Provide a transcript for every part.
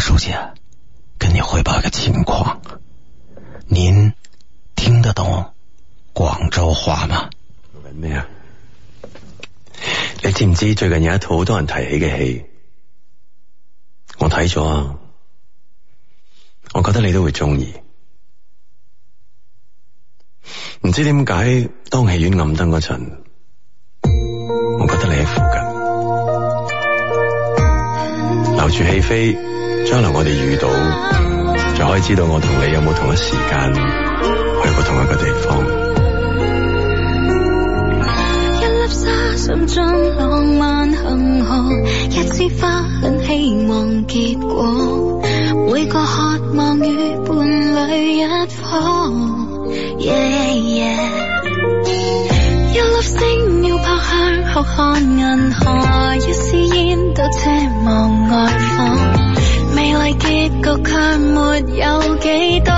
書記，跟你匯報個情況，您聽得懂廣州話嗎？做咩啊？你知唔知最近有一套好多人提起嘅戲？我睇咗啊，我覺得你都會中意。唔知點解，當戲院暗燈嗰陣，我覺得你喺附近，留住戲飛。將來我哋遇到，就可以知道我同你有冇同一時間去過同一個地方。一粒沙滲進浪漫恆河，一枝花很希望結果。每個渴望與伴侶一伙耶耶，一粒星要泊向浩瀚銀河，一絲煙都奢望愛火。美麗結局卻沒有幾多。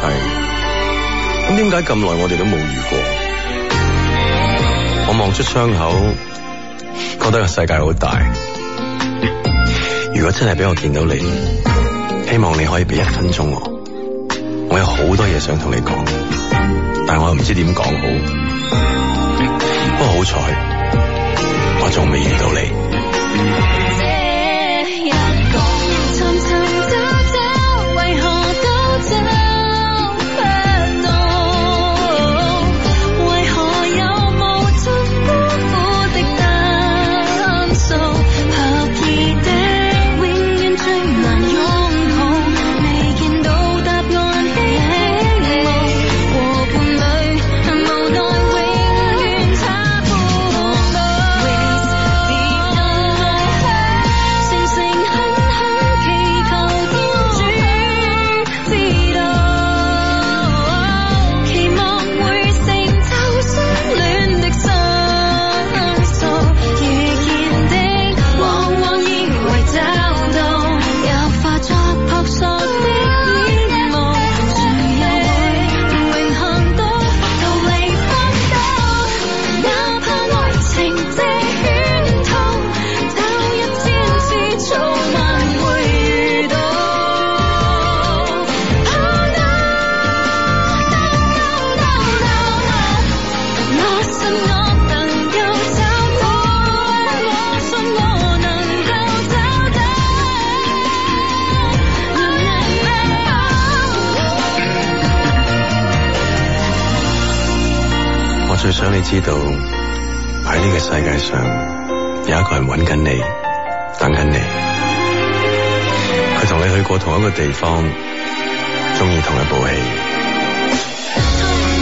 係，咁點解咁耐我哋都冇遇過？我望出窗口，覺得個世界好大。如果真係俾我見到你，希望你可以俾一分鐘我，我有好多嘢想同你講，但係我又唔知點講好。不過好彩，我仲未遇到你。知道喺呢個世界上有一個人揾緊你，等緊你。佢同你去過同一個地方，鍾意同一部戲，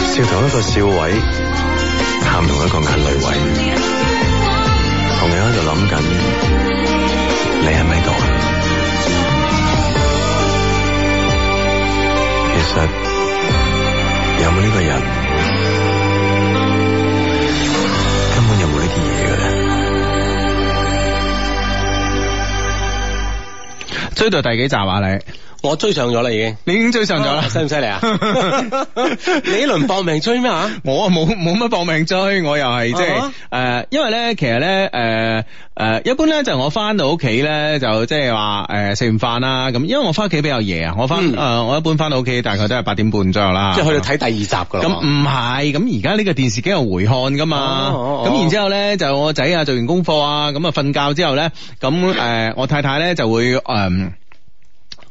笑同一個笑位，喊同一個眼淚位，同樣喺度諗緊，你喺咪度啊？其實有冇呢個人？追到第幾集啊？你。我追上咗啦，已經你已經追上咗啦，犀唔犀利啊？你呢輪搏命追咩啊？我冇冇乜搏命追，我又係即係誒，因為咧，其實咧，誒、嗯、誒、呃，一般咧就我翻到屋企咧，就即係話誒食完飯啦。咁，因為我翻屋企比較夜啊，我翻誒、呃嗯呃、我一般翻到屋企大概都係八點半左右啦，即係去到睇第二集噶啦。咁唔係，咁而家呢個電視機有回看噶嘛？咁然、啊啊啊、之後咧，就我仔啊做完功課啊，咁啊瞓覺之後咧，咁誒我太太咧就會誒。呃呃嗯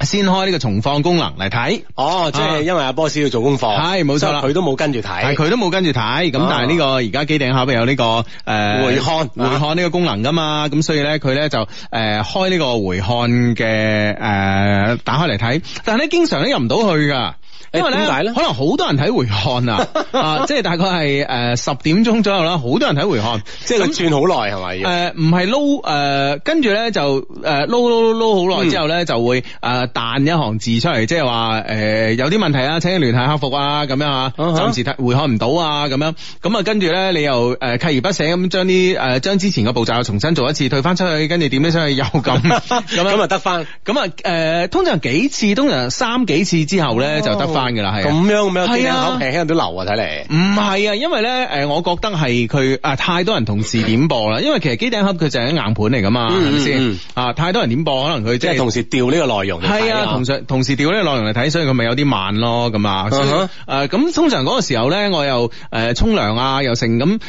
先開呢個重放功能嚟睇，哦，即係因為阿 boss 要做功課，係冇錯啦，佢都冇跟住睇，係佢都冇跟住睇，咁、啊、但係呢個而家機頂盒有呢、這個誒、呃、回看回看呢個功能噶嘛，咁、啊、所以咧佢咧就誒、呃、開呢個回看嘅誒、呃、打開嚟睇，但係咧經常都入唔到去噶。點解咧？可能好多人睇回看啊， 啊，即係大概係誒十點鐘左右啦，好多人睇回看，即係佢轉好耐係咪？誒，唔係撈誒，跟住咧就誒撈撈撈撈好耐之後咧， 就會誒彈一行字出嚟，即係話誒有啲問題啊，請你聯繫客服啊，咁樣啊，暫時睇回看唔到啊，咁樣，咁啊跟住咧你又誒鍥而不捨咁將啲誒將之前嘅步驟重新做一次，退翻出去，跟住點 這樣出去又咁咁啊得翻？咁啊誒通常幾次？通常三幾次之後咧就得翻、oh。哦翻噶啦，係咁樣咁樣，機頂盒啊，成日都流啊，睇嚟唔係啊，因為咧，誒，我覺得係佢啊太多人同時點播啦，因為其實機頂盒佢就係一硬盤嚟噶嘛，係咪先啊？太多人點播，可能佢即係同時調呢個內容，係啊，同時同時調呢啲內容嚟睇，所以佢咪有啲慢咯，咁啊，誒，咁通常嗰個時候咧，我又誒沖涼啊，又成咁誒，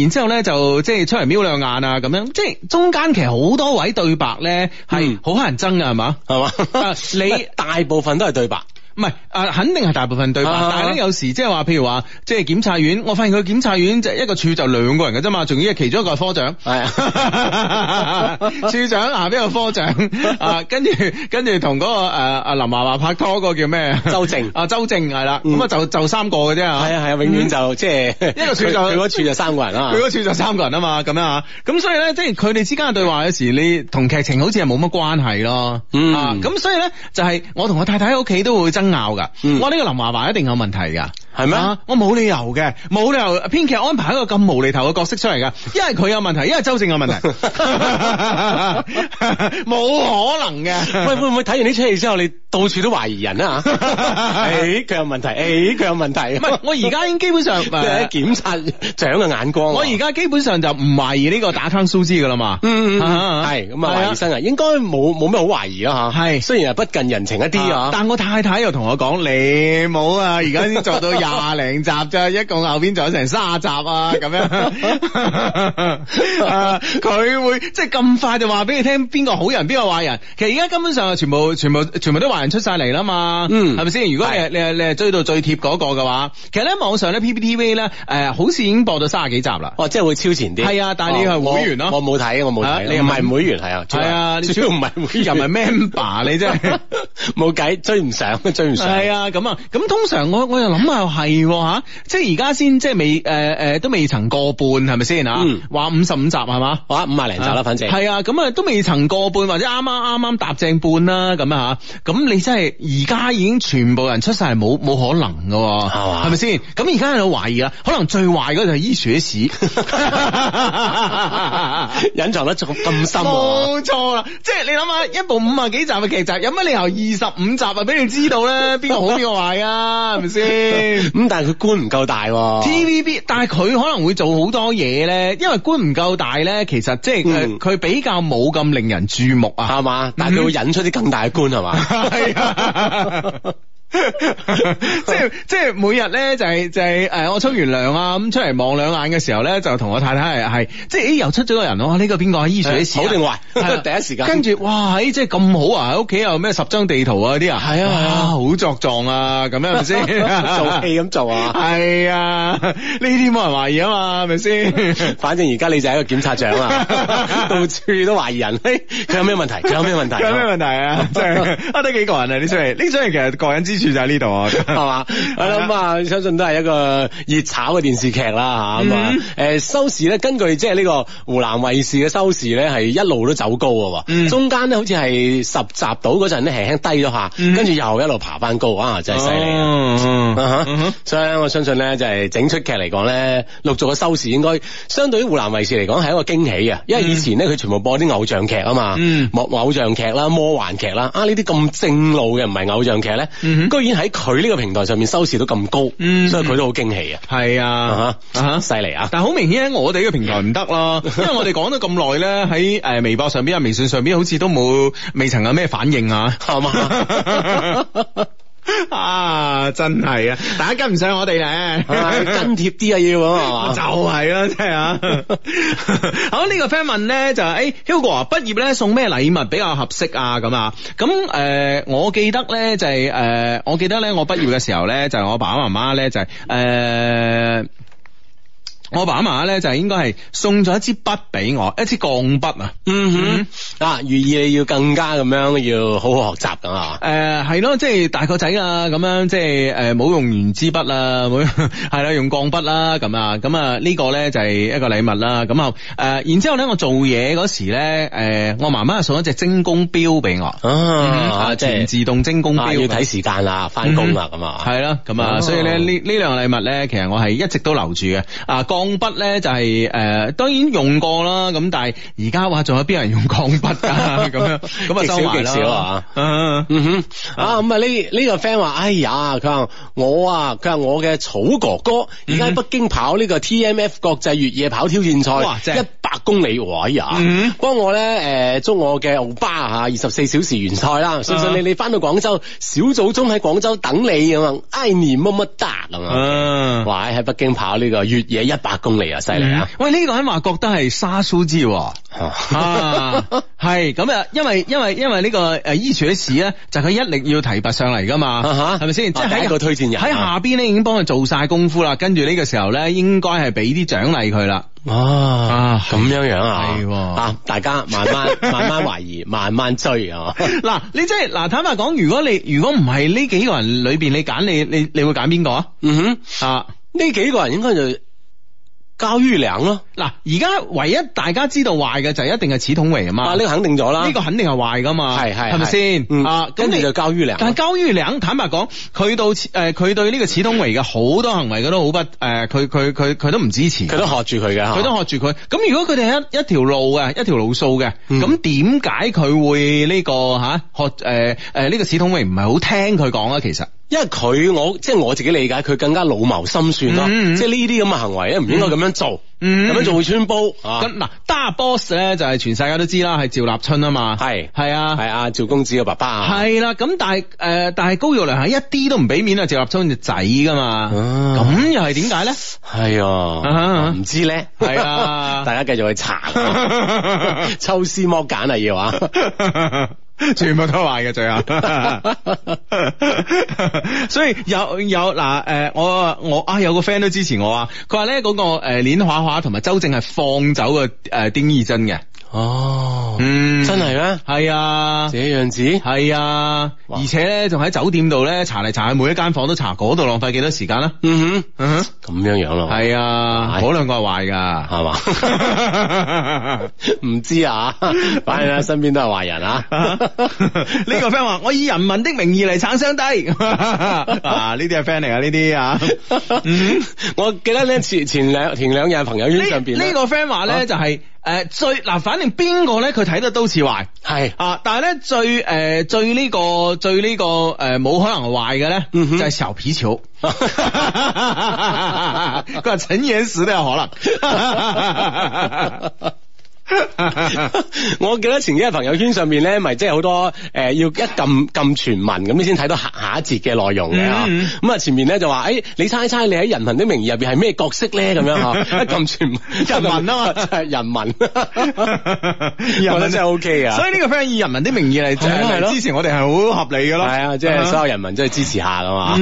然之後咧就即係出嚟瞄兩眼啊，咁樣，即係中間其實好多位對白咧係好乞人憎噶，係嘛，係嘛，你大部分都係對白。唔係，誒，肯定係大部分對白，但係咧有時即係話，譬如話，即係檢察院，我發現佢檢察院就一個處就兩個人嘅啫嘛，仲要係其中一個係科長，係啊，處長下邊個科長，啊，跟住跟住同嗰個誒誒林華華拍拖個叫咩？周正，啊周正係啦，咁啊就就三個嘅啫係啊係啊，永遠就即係一個處就佢嗰處就三個人，佢嗰處就三個人啊嘛，咁樣吓，咁所以咧即係佢哋之間嘅對話有時你同劇情好似係冇乜關係咯，咁所以咧就係我同我太太喺屋企都會拗噶，我呢、嗯呢個林華華一定有問題噶。係咩？我冇理由嘅，冇理由編劇安排一個咁無厘頭嘅角色出嚟嘅，因為佢有問題，因為周正有問題，冇可能嘅。喂，會唔會睇完呢出戲之後，你到處都懷疑人啊？誒，佢有問題，誒，佢有問題。唔係，我而家已經基本上誒，檢察長嘅眼光。我而家基本上就唔懷疑呢個打探蘇芝噶啦嘛。嗯，係咁啊，醫生啊，應該冇冇咩好懷疑啊吓。係，雖然係不近人情一啲啊，但我太太又同我講，你冇啊，而家做到。廿零集咋，一共後邊仲有成卅集啊，咁樣。佢、 uh, 會即係咁快就話俾你聽邊個好人邊個壞人？其實而家根本上全部、全部、全部都壞人出晒嚟啦嘛。嗯，係咪先？如果你是你你係追到最貼嗰個嘅話，其實咧網上咧 PPTV 咧，誒，好似已經播到三十幾集啦。哦，即係會超前啲。係啊，但係你係會員咯、啊哦。我冇睇，我冇睇、啊。你唔係會員係啊？係啊，你又啊啊你主要唔係會員，唔係 member 你真係。冇計， 追唔上，追唔上。係啊，咁啊，咁通常我我又諗下。係吓、哦啊，即係而家先，即係未誒誒、呃，都未曾過半，係咪先啊？話五十五集係嘛？啊，五廿零集啦，反正係啊，咁啊都未曾過半，或者啱啱啱啱踏正半啦，咁啊咁你真係而家已經全部人出晒，係冇冇可能噶，係嘛吧？係咪先吧？咁而家有懷疑啊？可能最壞嗰就係伊雪史隱藏得咁咁深、啊，冇錯啦。即係你諗下，一部五啊幾集嘅劇集，有乜理由二十五集啊俾你知道咧？邊個 好邊個壞啊？係咪先？ 咁、嗯、但係佢官唔夠大、啊，TVB，但係佢可能會做好多嘢咧，因為官唔夠大咧，其實即係佢比較冇咁令人注目啊，係嘛、嗯？但係佢會引出啲更大嘅官係嘛？係啊。即係即係每日咧就係、是、就係、是、誒我沖完涼啊，咁出嚟望兩眼嘅時候咧就同我太太係即係誒又出咗、個人咯呢個邊個啊？醫術啲好定壞？第一時間跟住哇即係咁好啊喺屋企有咩十張地圖啊啲啊係啊好作狀啊咁樣咪先做戲咁做啊係啊呢啲冇人懷疑啊嘛係咪先？反正而家你就係一個檢察長啊，到處都懷疑人。佢有咩問題？佢有咩問題？佢有咩問題啊？即係我得幾個人啊？呢張人呢張人其實個人之。住就喺呢度啊，係嘛？我諗啊，相信都係一個熱炒嘅電視劇啦，吓咁、mm hmm. 啊。誒，收視咧，根據即係呢個湖南衛視嘅收視咧，係一路都走高嘅。Mm hmm. 中間咧，好似係十集到嗰陣咧，輕輕低咗下，跟住、mm hmm. 又一路爬翻高，啊，真係犀利啊！Mm hmm. mm hmm. 所以我相信咧，就係、是、整出劇嚟講咧，陸續嘅收視應該相對於湖南衛視嚟講係一個驚喜啊，因為以前咧佢、mm hmm. 全部播啲偶像劇啊嘛，嗯、mm，hmm. 偶像劇啦、魔幻劇啦，啊呢啲咁正路嘅唔係偶像劇咧，mm hmm. 居然喺佢呢個平台上面收視到咁高，嗯、所以佢都好驚喜啊！係、uh huh, uh huh, 啊，吓吓，犀利啊！但係好明顯喺我哋呢個平台唔得咯， 因為我哋講咗咁耐咧，喺誒微博上邊啊、微信上邊，好似都冇未曾有咩反應啊，係嘛 吧。 啊，真係啊，大家跟唔上我哋咧、 啊，跟貼啲啊要係就係啊，真係啊。 好，這個、呢個 friend 問咧就係、是，誒、欸、，Hugo 啊，畢業咧送咩禮物比較合適啊？咁啊，咁誒、呃，我記得咧就係、是、誒、呃，我記得咧我畢業嘅時候咧就係、是、我爸爸媽媽咧就係、是、誒。呃我爸爸媽媽咧就係應該係送咗一支筆俾我，一支鋼筆啊，嗯哼，嗯啊，如意你要更加咁樣，要好好學習咁啊。誒、呃，係咯、啊，即係大個仔、呃、 啊，咁樣即係誒冇用完支筆啦，係啦，用鋼筆啦，咁啊，咁啊呢個咧就係一個禮物啦。咁啊，誒，然之後咧我做嘢嗰時咧，誒，我媽媽送咗隻精工表俾我，啊，啊，全自動精工表要睇時間啦，翻工啦，咁啊，係咯，咁、嗯嗯、啊，所以咧呢呢兩樣禮物咧，其實我係一直都留住嘅，啊鋼筆咧就係、是、誒、呃，當然用過啦，咁但係而家話仲有邊人用鋼筆㗎？咁樣咁啊，少極少啊！啊咁啊，呢呢個 friend 話：，哎呀，佢話我啊，佢話我嘅草哥哥而家喺北京跑呢個 T M F 國際越野跑挑戰賽，一百公里，哇、哎呃啊哎！啊。呀，幫我咧誒，祝我嘅歐巴吓二十四小時完賽啦！順順你你翻到廣州，小祖宗喺廣州等你啊嘛！I need 乜乜得啊嘛！哇！喺北京跑呢個越野一百。八公里啊，犀利啊！喂，呢個人話覺得係沙蘇之係咁啊，因為因為因為呢個誒衣櫥嘅事咧，就佢一力要提拔上嚟噶嘛，係咪先？即係一個推薦人喺下邊咧，已經幫佢做晒功夫啦。跟住呢個時候咧，應該係俾啲獎勵佢啦。啊，咁樣樣係啊，大家慢慢慢慢懷疑，慢慢追啊。嗱，你即係嗱坦白講，如果你如果唔係呢幾個人裏邊，你揀你你你會揀邊個啊？嗯哼啊，呢幾個人應該就。交于良咯，嗱而家唯一大家知道壞嘅就一定係史通維啊嘛，呢個肯定咗啦，呢個肯定係壞噶嘛，係係係咪先？啊，跟住就交于良，但係交于良坦白講，佢對誒佢對呢個史通維嘅好多行為佢都好不誒，佢佢佢佢都唔支持，佢都學住佢嘅，佢都學住佢。咁如果佢哋係一一條路嘅一條路數嘅，咁點解佢會呢個吓學誒誒呢個史通維唔係好聽佢講啊？其實，因為佢我即係我自己理解，佢更加老謀深算咯，即係呢啲咁嘅行為唔應該咁樣。做咁樣仲會穿煲咁，嗱，大 boss 咧就係全世界都知啦，係趙立春啊嘛，係係啊係啊，趙公子嘅爸爸係啦，咁但係誒，但係高玉良係一啲都唔俾面啊，趙立春隻仔噶嘛，咁又係點解咧？係啊，唔知咧，係啊，大家繼續去查，抽絲剝繭啊，要啊。 全部都壞嘅最後， 所以有有嗱誒、呃，我我啊有個 friend 都支持我啊，佢話咧嗰個誒鏈畫畫同埋周正係放走個誒、呃、丁義珍嘅。哦，嗯，真係咩？係啊，這樣子，係啊，而且咧，仲喺酒店度咧，查嚟查去，每一間房都查，嗰度浪費幾多時間啦。嗯哼，咁樣樣咯，係啊，嗰兩個係壞噶，係嘛？唔知啊，反正咧，身邊都係壞人啊。呢個 friend 話：我以人民的名義嚟鏟傷低。啊，呢啲係 friend 嚟噶，呢啲啊。我記得咧，前前兩前兩日朋友圈上邊，呢個 friend 話咧就係。誒，最嗱，反正邊個咧，佢睇得都似壞，係是啊，但係咧最誒、呃、最呢、這個最呢、這個誒冇、呃、可能壞嘅咧，嗯哼，就係小皮草，佢話陳嘢屎都有可能。 我記得前幾日朋友圈上面咧，咪即係好多誒、呃，要一撳撳全文咁先睇到下一節嘅內容嘅吓。咁啊、嗯嗯嗯，前面咧就話誒、欸，你猜猜你喺人民的名義入邊係咩角色咧？咁樣吓，一撳全文， 人民啊嘛，係人民， 人啊、我覺得真係 O K 啊。所以呢個 friend 以人民的名義嚟，即係支持我哋係好合理嘅咯。係 啊，即、就、係、是、所有人民真係支持下噶嘛。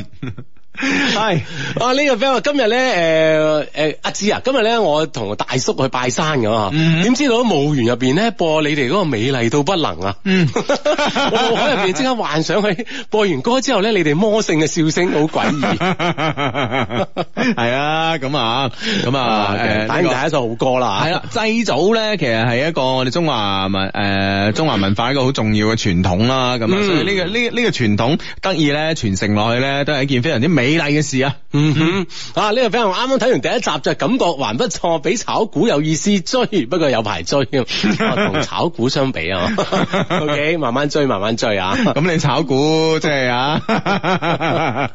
係 Hi. 啊呢、這個 friend 今日咧誒誒阿姿啊，啊今日咧我同大叔去拜山嘅嗬，點、mm hmm. 知道墓園入邊咧播你哋嗰個美麗到不能啊？嗯、mm，hmm. 我喺入邊即刻幻想佢播完歌之後咧，你哋魔性嘅笑聲好詭異。係啊咁啊咁啊，第一個第一首好歌啦。祭祖咧，其實係一個我哋中華文誒、呃、中華文化一個好重要嘅傳統啦。咁啊、mm，hmm. 所以呢、這個呢呢、這個傳統得意咧傳承落去咧，都係一件非常之美。美麗嘅事啊，嗯哼，啊呢、這個 friend 啱啱睇完第一集就感覺還不錯，比炒股有意思追，不過有排追，同、啊、炒股相比，OK，啊，啊慢慢追，慢慢追啊，咁、啊、你炒股即係啊，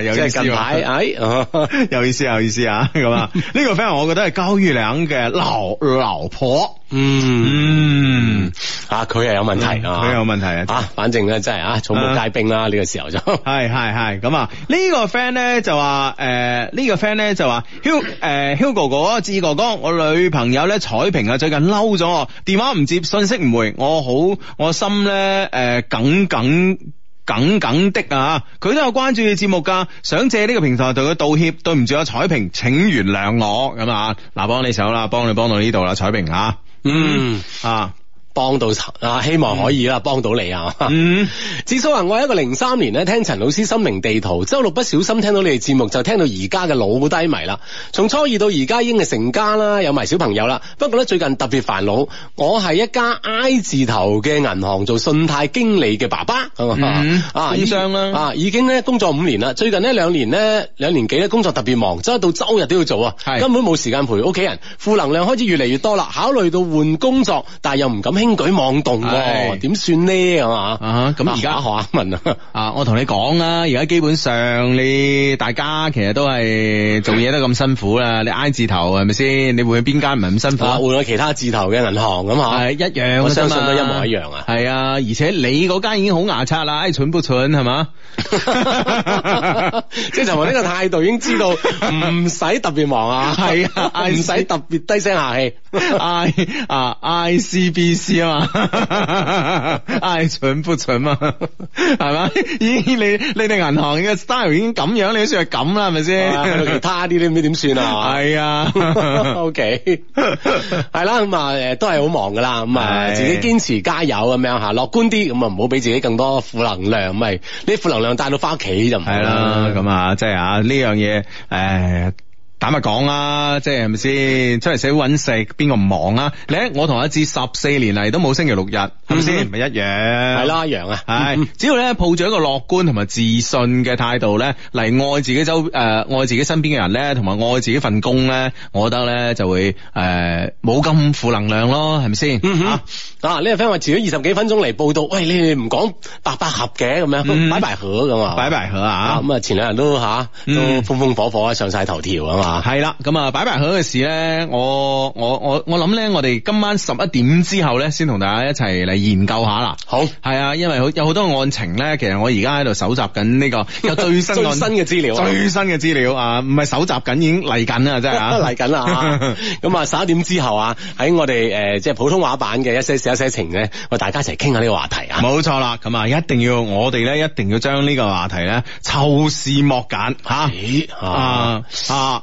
有意思，近排誒，有意思，有意思啊，咁啊，呢、啊啊啊這個 friend 我覺得係交月娘嘅老老婆。嗯啊，佢係有問題，佢、嗯、有問題啊。啊，反正咧真係啊，草木皆兵啦。呢個時候就係係係咁啊。呢個 friend 咧就話誒，呢個 friend 咧就話 Hugo 誒，Hugo 哥哥，志哥哥，我女朋友咧彩平啊，最近嬲咗，電話唔接，信息唔回，我好我心咧誒，耿耿耿耿的啊。佢都有關注節目噶，想借呢個平台對佢道歉，對唔住啊，彩平，請原諒我咁啊。嗱，幫你手啦，幫你幫到呢度啦，彩平啊。嗯啊。幫到啊，希望可以啦，幫、嗯、到你啊。嗯，至少話：我喺一個零三年咧，聽陳老師《心靈地圖》，周六不小心聽到你哋節目，就聽到而家嘅老低迷啦。從初二到而家，已經係成家啦，有埋小朋友啦。不過咧，最近特別煩惱。我係一家 I 字頭嘅銀行做信貸經理嘅爸爸，嗯、啊，醫生啦，啊，已經咧工作五年啦。最近呢兩年呢，兩年幾咧，工作特別忙，周一到周日都要做啊，根本冇時間陪屋企人，負能量開始越嚟越多啦。考慮到換工作，但係又唔敢輕舉妄動，點算呢？係嘛？咁而家何文啊？我同你講啊，而家基本上你大家其實都係做嘢都咁辛苦啦。你 I 字頭係咪先？你會去邊間唔係咁辛苦？會去其他字頭嘅銀行咁吓，係一樣，我相信都一模一樣啊！係啊，而且你嗰間已經好牙刷啦，蠢不蠢？係嘛？即係就話呢個態度已經知道，唔使特別忙啊，係唔使特別低聲下氣。I 啊，ICBC。知 啊嘛，唉，蠢不蠢啊？係 咪是嗎？咦， 你你哋銀行嘅 style 已經咁樣，你都算係咁啦，係咪先？其他啲你唔知點算啊？係啊 ，OK，係啦，咁啊，誒，都係好忙噶啦，咁、嗯、啊，是自己堅持加油咁樣吓，樂觀啲，咁啊，唔好俾自己更多負能量，咁咪呢啲負能量帶到翻屋企就唔係啦。咁啊，即係啊，呢樣嘢、嗯啊，唉。坦白講啦，即係係咪先？出嚟社會揾食，邊個唔忙啊？你我同阿志十四年嚟都冇星期六日，係咪先？唔係一樣係啦，樣啊！唉，只要咧抱住一個樂觀同埋自信嘅態度咧，嚟愛自己周誒，愛自己身邊嘅人咧，同埋愛自己份工咧，我覺得咧就會誒冇咁負能量咯，係咪先？嗱，呢個 friend 話遲咗二十幾分鐘嚟報道，喂，你哋唔講白百合嘅咁樣，擺埋河咁，啊，擺埋河啊！咁啊，前兩日都吓都風風火火啊，上晒頭條啊嘛～係啦，咁啊擺埋佢嘅事咧，我我我我諗咧，我哋今晚十一點之後咧，先同大家一齊嚟研究下啦。好，係啊，因為好有好多案情咧，其實我而家喺度搜集緊呢個有最新最新嘅資料，最新嘅資料啊，唔係搜集緊，已經嚟緊啦，真係嚟緊啦。咁 啊 inger etas，十一點之後啊，喺我哋誒即係普通話版嘅一些事一些情咧，喂，大家一齊傾下呢個話題啊。冇錯啦，咁啊，一定要我哋咧，一定要將呢個話題咧，仇事莫揀吓，啊啊！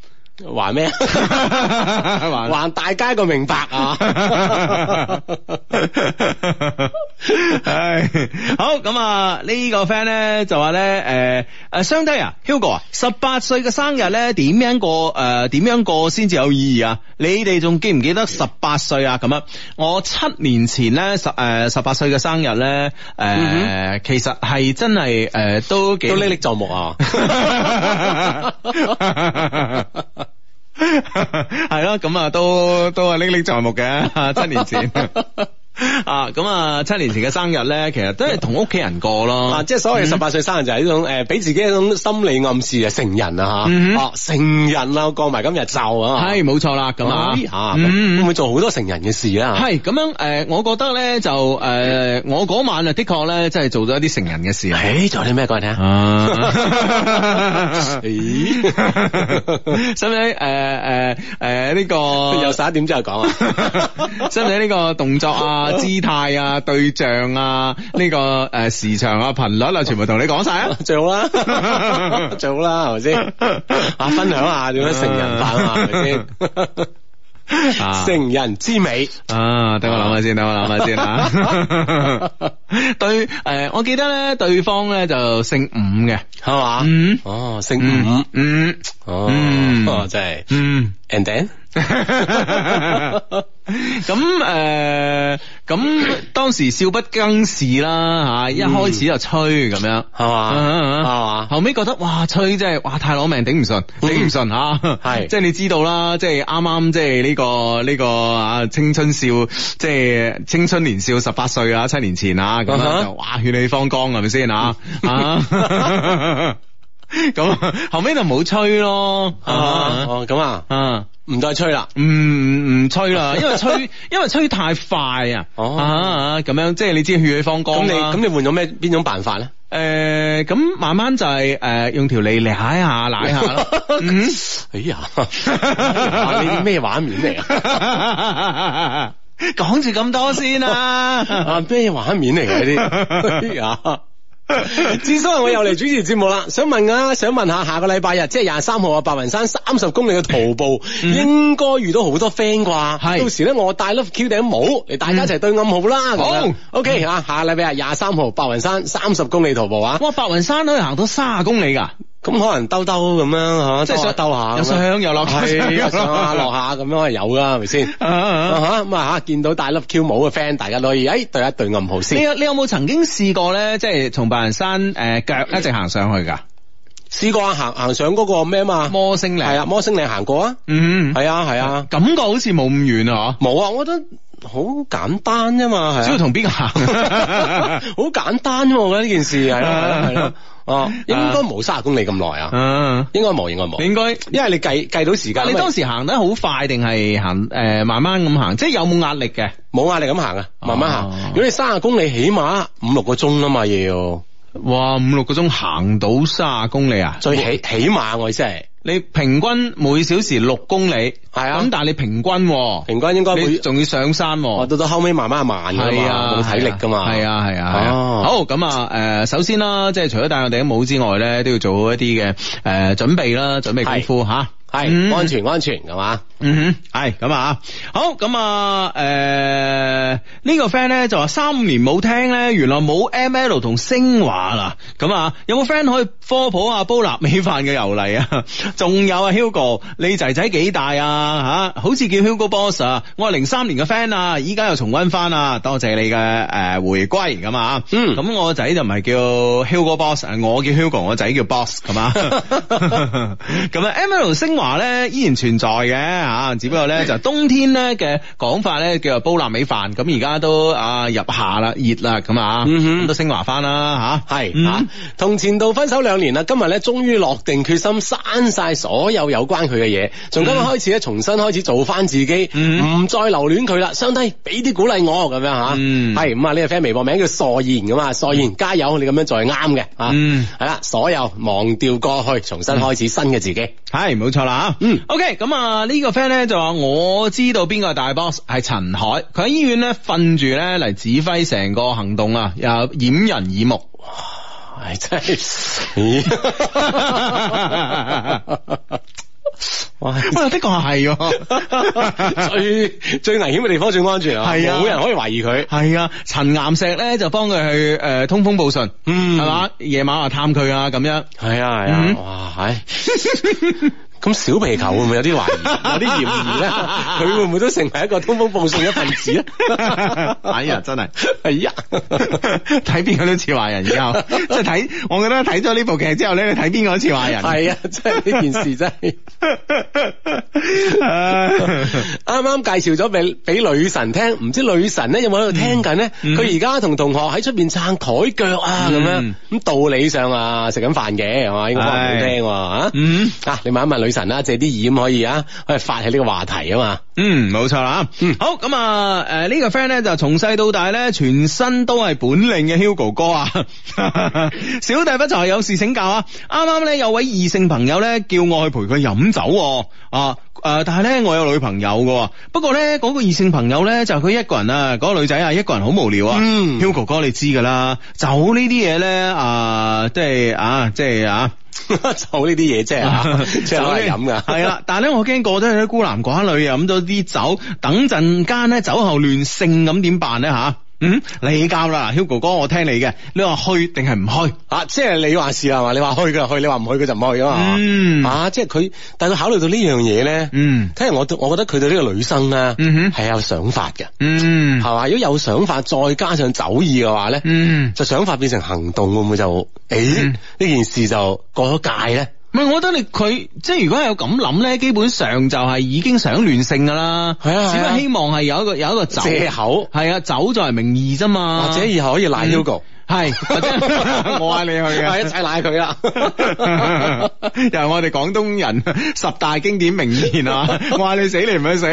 話咩？還， 還大家一個明白啊！唉， 好、這、咁、個呃、啊，呢個 friend 咧就話咧，誒誒，兄弟啊，Hugo 啊，十八歲嘅生日咧點樣過？誒點樣過先至有意義啊？你哋仲記唔記得十八歲啊？咁啊，我七年前咧十誒十八歲嘅生日咧誒、呃，其實係真係誒、呃、都幾歷歷在目啊！ 係咯，咁啊都都係歷歷在目嘅，七年前。啊咁啊，七年前嘅生日咧，其實都係同屋企人過咯。即係所謂十八歲生日就係呢種誒，俾自己一種心理暗示啊，成人啊吓。哦，成人啊，過埋今日就啊，係冇錯啦。咁啊，吓會唔會做好多成人嘅事啊？係咁樣誒，我覺得咧就誒，我嗰晚啊的確咧，真係做咗一啲成人嘅事。誒，做啲咩講嚟聽啊？使唔使誒誒誒呢個？又十一點之後講啊？使唔使呢個動作啊？姿態啊姿態啊對象啊呢、這個誒、呃、時長啊頻率啊全部同你講晒啊，最好啦，最好啦，係咪先啊，分享下點樣成人化啊，係咪先，成人之美啊，等、啊、我諗下先，等、啊、我諗下先啊 對誒、呃、我記得咧對方咧就姓伍嘅係嘛？嗯哦，姓伍嗯，嗯哦嗯哦真係嗯 and then 咁誒，咁、嗯嗯、當時笑不更事啦，吓一開始就吹咁、嗯、樣，係嘛，係嘛，後尾覺得哇，吹即係哇，太攞命，頂唔順，頂唔順吓，係，啊、是即係你知道啦，即係啱啱即係呢個呢、這個啊青春少，即係青春年少十八歲啊，七年前啊，咁樣就哇血氣方剛係咪先吓。咁後屘就唔好吹咯，咁啊，唔再吹啦，唔唔吹啦，因為吹因為吹太快啊，哦咁樣即係你知血氣方剛，咁你咁你換咗咩邊種辦法咧？誒，咁慢慢就係誒用條脷舐下舐下咯。哎呀，你咩畫面嚟？講住咁多先啦，咩啲畫面嚟嘅啲？志松，我又嚟主持節目啦，想問啊，想問下下個禮拜日即係廿三號啊，白雲山三十公里嘅徒步， 應該遇到好多 friend 啩，係是，到時咧我戴 l q 頂帽，嚟大家一齊對暗號啦， 樣好，OK 啊，下個禮拜廿三號白雲山三十公里徒步啊，哇，白雲山可以行到卅公里噶。咁可能兜兜咁樣吓，即係想兜下，又上又落下，又上下落下咁樣，係有噶係咪先？咁啊吓！見到大粒 Q 帽嘅 friend，大家可以誒對一對咁好先。你有你有冇曾經試過咧？即係從白雲山誒腳一直行上去噶？試過啊，行行上嗰個咩嘛？摩星嶺？係啊，摩星嶺行過啊。嗯，係啊係啊，感覺好似冇咁遠啊，冇啊，我覺得。好簡單啫嘛，只要同邊個行，好 簡單啫、啊，我覺得呢件事係咯係咯，哦，應該冇卅公里咁耐啊，嗯、啊，應該冇應該該冇，應該，因為你計計到時間，你當時行得好快定係行誒慢慢咁行，即係有冇壓力嘅？冇壓力咁行啊，慢慢行。啊、如果你卅公里起碼五六個鐘啊嘛要，哇，五六個鐘行到卅公里啊？最起起碼 我意思係。你平均每小時六公里係啊，咁但係你平均，啊，平均應該會仲要上山，啊，哦，到到後尾慢慢慢噶嘛，冇體力噶嘛，係啊係啊，啊。好咁啊，誒，啊哦呃，首先啦，即係除咗帶我哋啲帽之外咧，都要做好一啲嘅誒準備啦，準備功夫吓。是係、嗯、安全安全係嘛，嗯哼，係咁啊，好咁啊，誒、呃、呢、呢個 friend 咧就話三年冇聽咧，原來冇 M L 同升華啦，咁啊有冇 friend 可以科普啊煲臘味飯嘅由嚟啊？仲有啊，Hugo，你仔仔幾大啊？吓，好似叫 Hugo Boss 啊，我係零三年嘅 friend 啊，依家又重温翻啊，多謝你嘅誒回歸咁啊，嗯，咁我仔就唔係叫 Hugo Boss，我叫 Hugo，我仔叫 Boss 咁啊，咁啊 M L 升話咧依然存在嘅吓，只不過咧就 冬天咧嘅講法咧叫做煲臘味飯咁，而家都啊入夏啦，熱啦咁啊，咁都、嗯、哼升華翻啦吓，係、啊、吓、嗯啊、同前度分手兩年啦，今日咧終於落定決心刪晒所有有關佢嘅嘢，從今日開始咧重新開始做翻自己，唔、嗯嗯、再留戀佢啦，兄弟俾啲鼓勵我咁樣吓，係咁啊，呢個 friend 微博名叫傻然咁啊，傻然加油，你咁樣做係啱嘅，啊、嗯係啦，所有忘掉過去，重新開始新嘅自己，係冇錯啦。啊，嗯，OK，咁啊呢個 friend 咧就話我知道邊個係大 boss，係陳海，佢喺醫院咧瞓住咧嚟指揮成個行動啊，又掩人耳目，哇，係真係死， 哇， 的確係， 最最危險嘅地方最安全啊，係啊，冇人可以懷疑佢，係啊，陳岩石咧就幫佢去誒、呃、通風報信，嗯，係嘛，夜晚啊探佢啊咁樣，係啊係啊，哇，係。咁小皮球會唔會有啲懷疑，有啲嫌疑咧？佢會唔會都成為一個通風報信嘅分子咧？哎呀，真係，哎呀，睇邊個都似壞人之後，即係睇，我覺得睇咗呢部劇之後咧，你睇邊個似壞人？係啊，真係呢件事真係。啱啱介紹咗俾俾女神聽，唔知女神咧有冇喺度聽緊咧？佢而家同同學喺出邊撐台腳啊，咁樣咁道理上食緊飯嘅係嘛？應該冇聽喎嚇。嗯，啊，你問一問女神啦，借啲咁可以啊，可以發起呢個話題啊嘛。嗯，冇錯啦。嗯，好咁啊，誒、呃這個、呢個 friend 咧就從細到大咧全身都係本領嘅 Hugo 哥啊。 小弟不就係有事請教啊。啱啱咧有位異性朋友咧叫我去陪佢飲酒啊。誒、啊呃，但係咧我有女朋友嘅、啊。不過咧嗰、那個異性朋友咧就佢、是、一個人啊，嗰、那個女仔啊一個人好無聊啊。嗯，Hugo 哥你知噶啦，酒呢啲嘢咧啊，即係啊，即係啊。酒呢啲嘢啫，攞嚟飲噶，係啦。但係咧， 我驚過咗啲孤男寡女，飲咗啲酒，等陣間咧酒後亂性咁，點辦咧吓？啊嗯，mm hmm. 你教啦，Hugo 哥，我聽你嘅。你話去定係唔去？去啊？即係你話事係嘛？你話去佢就去，你話唔去佢就唔去啊嘛？嗯、hmm.，啊，即係佢，但係佢考慮到呢樣嘢咧，嗯、mm，睇、hmm. 下我，我覺得佢對呢個女生啊，嗯係、mm hmm. 有想法嘅，嗯、mm，係、hmm. 嘛？如果有想法，再加上酒意嘅話咧，嗯、mm，hmm. 就想法變成行動，會唔會就誒呢、欸 mm hmm. 件事就過咗界咧？唔係，我覺得你佢即係如果有咁諗咧，基本上就係已經想亂性噶啦，啊、只不過希望係有一個有一個藉口，係啊，走作為名義啫嘛，或者以後可以賴 Hugo，係， 我嗌你去啊，一齊賴佢啊，又 係我哋廣東人十大經典名言啊， 我話你死你唔去死。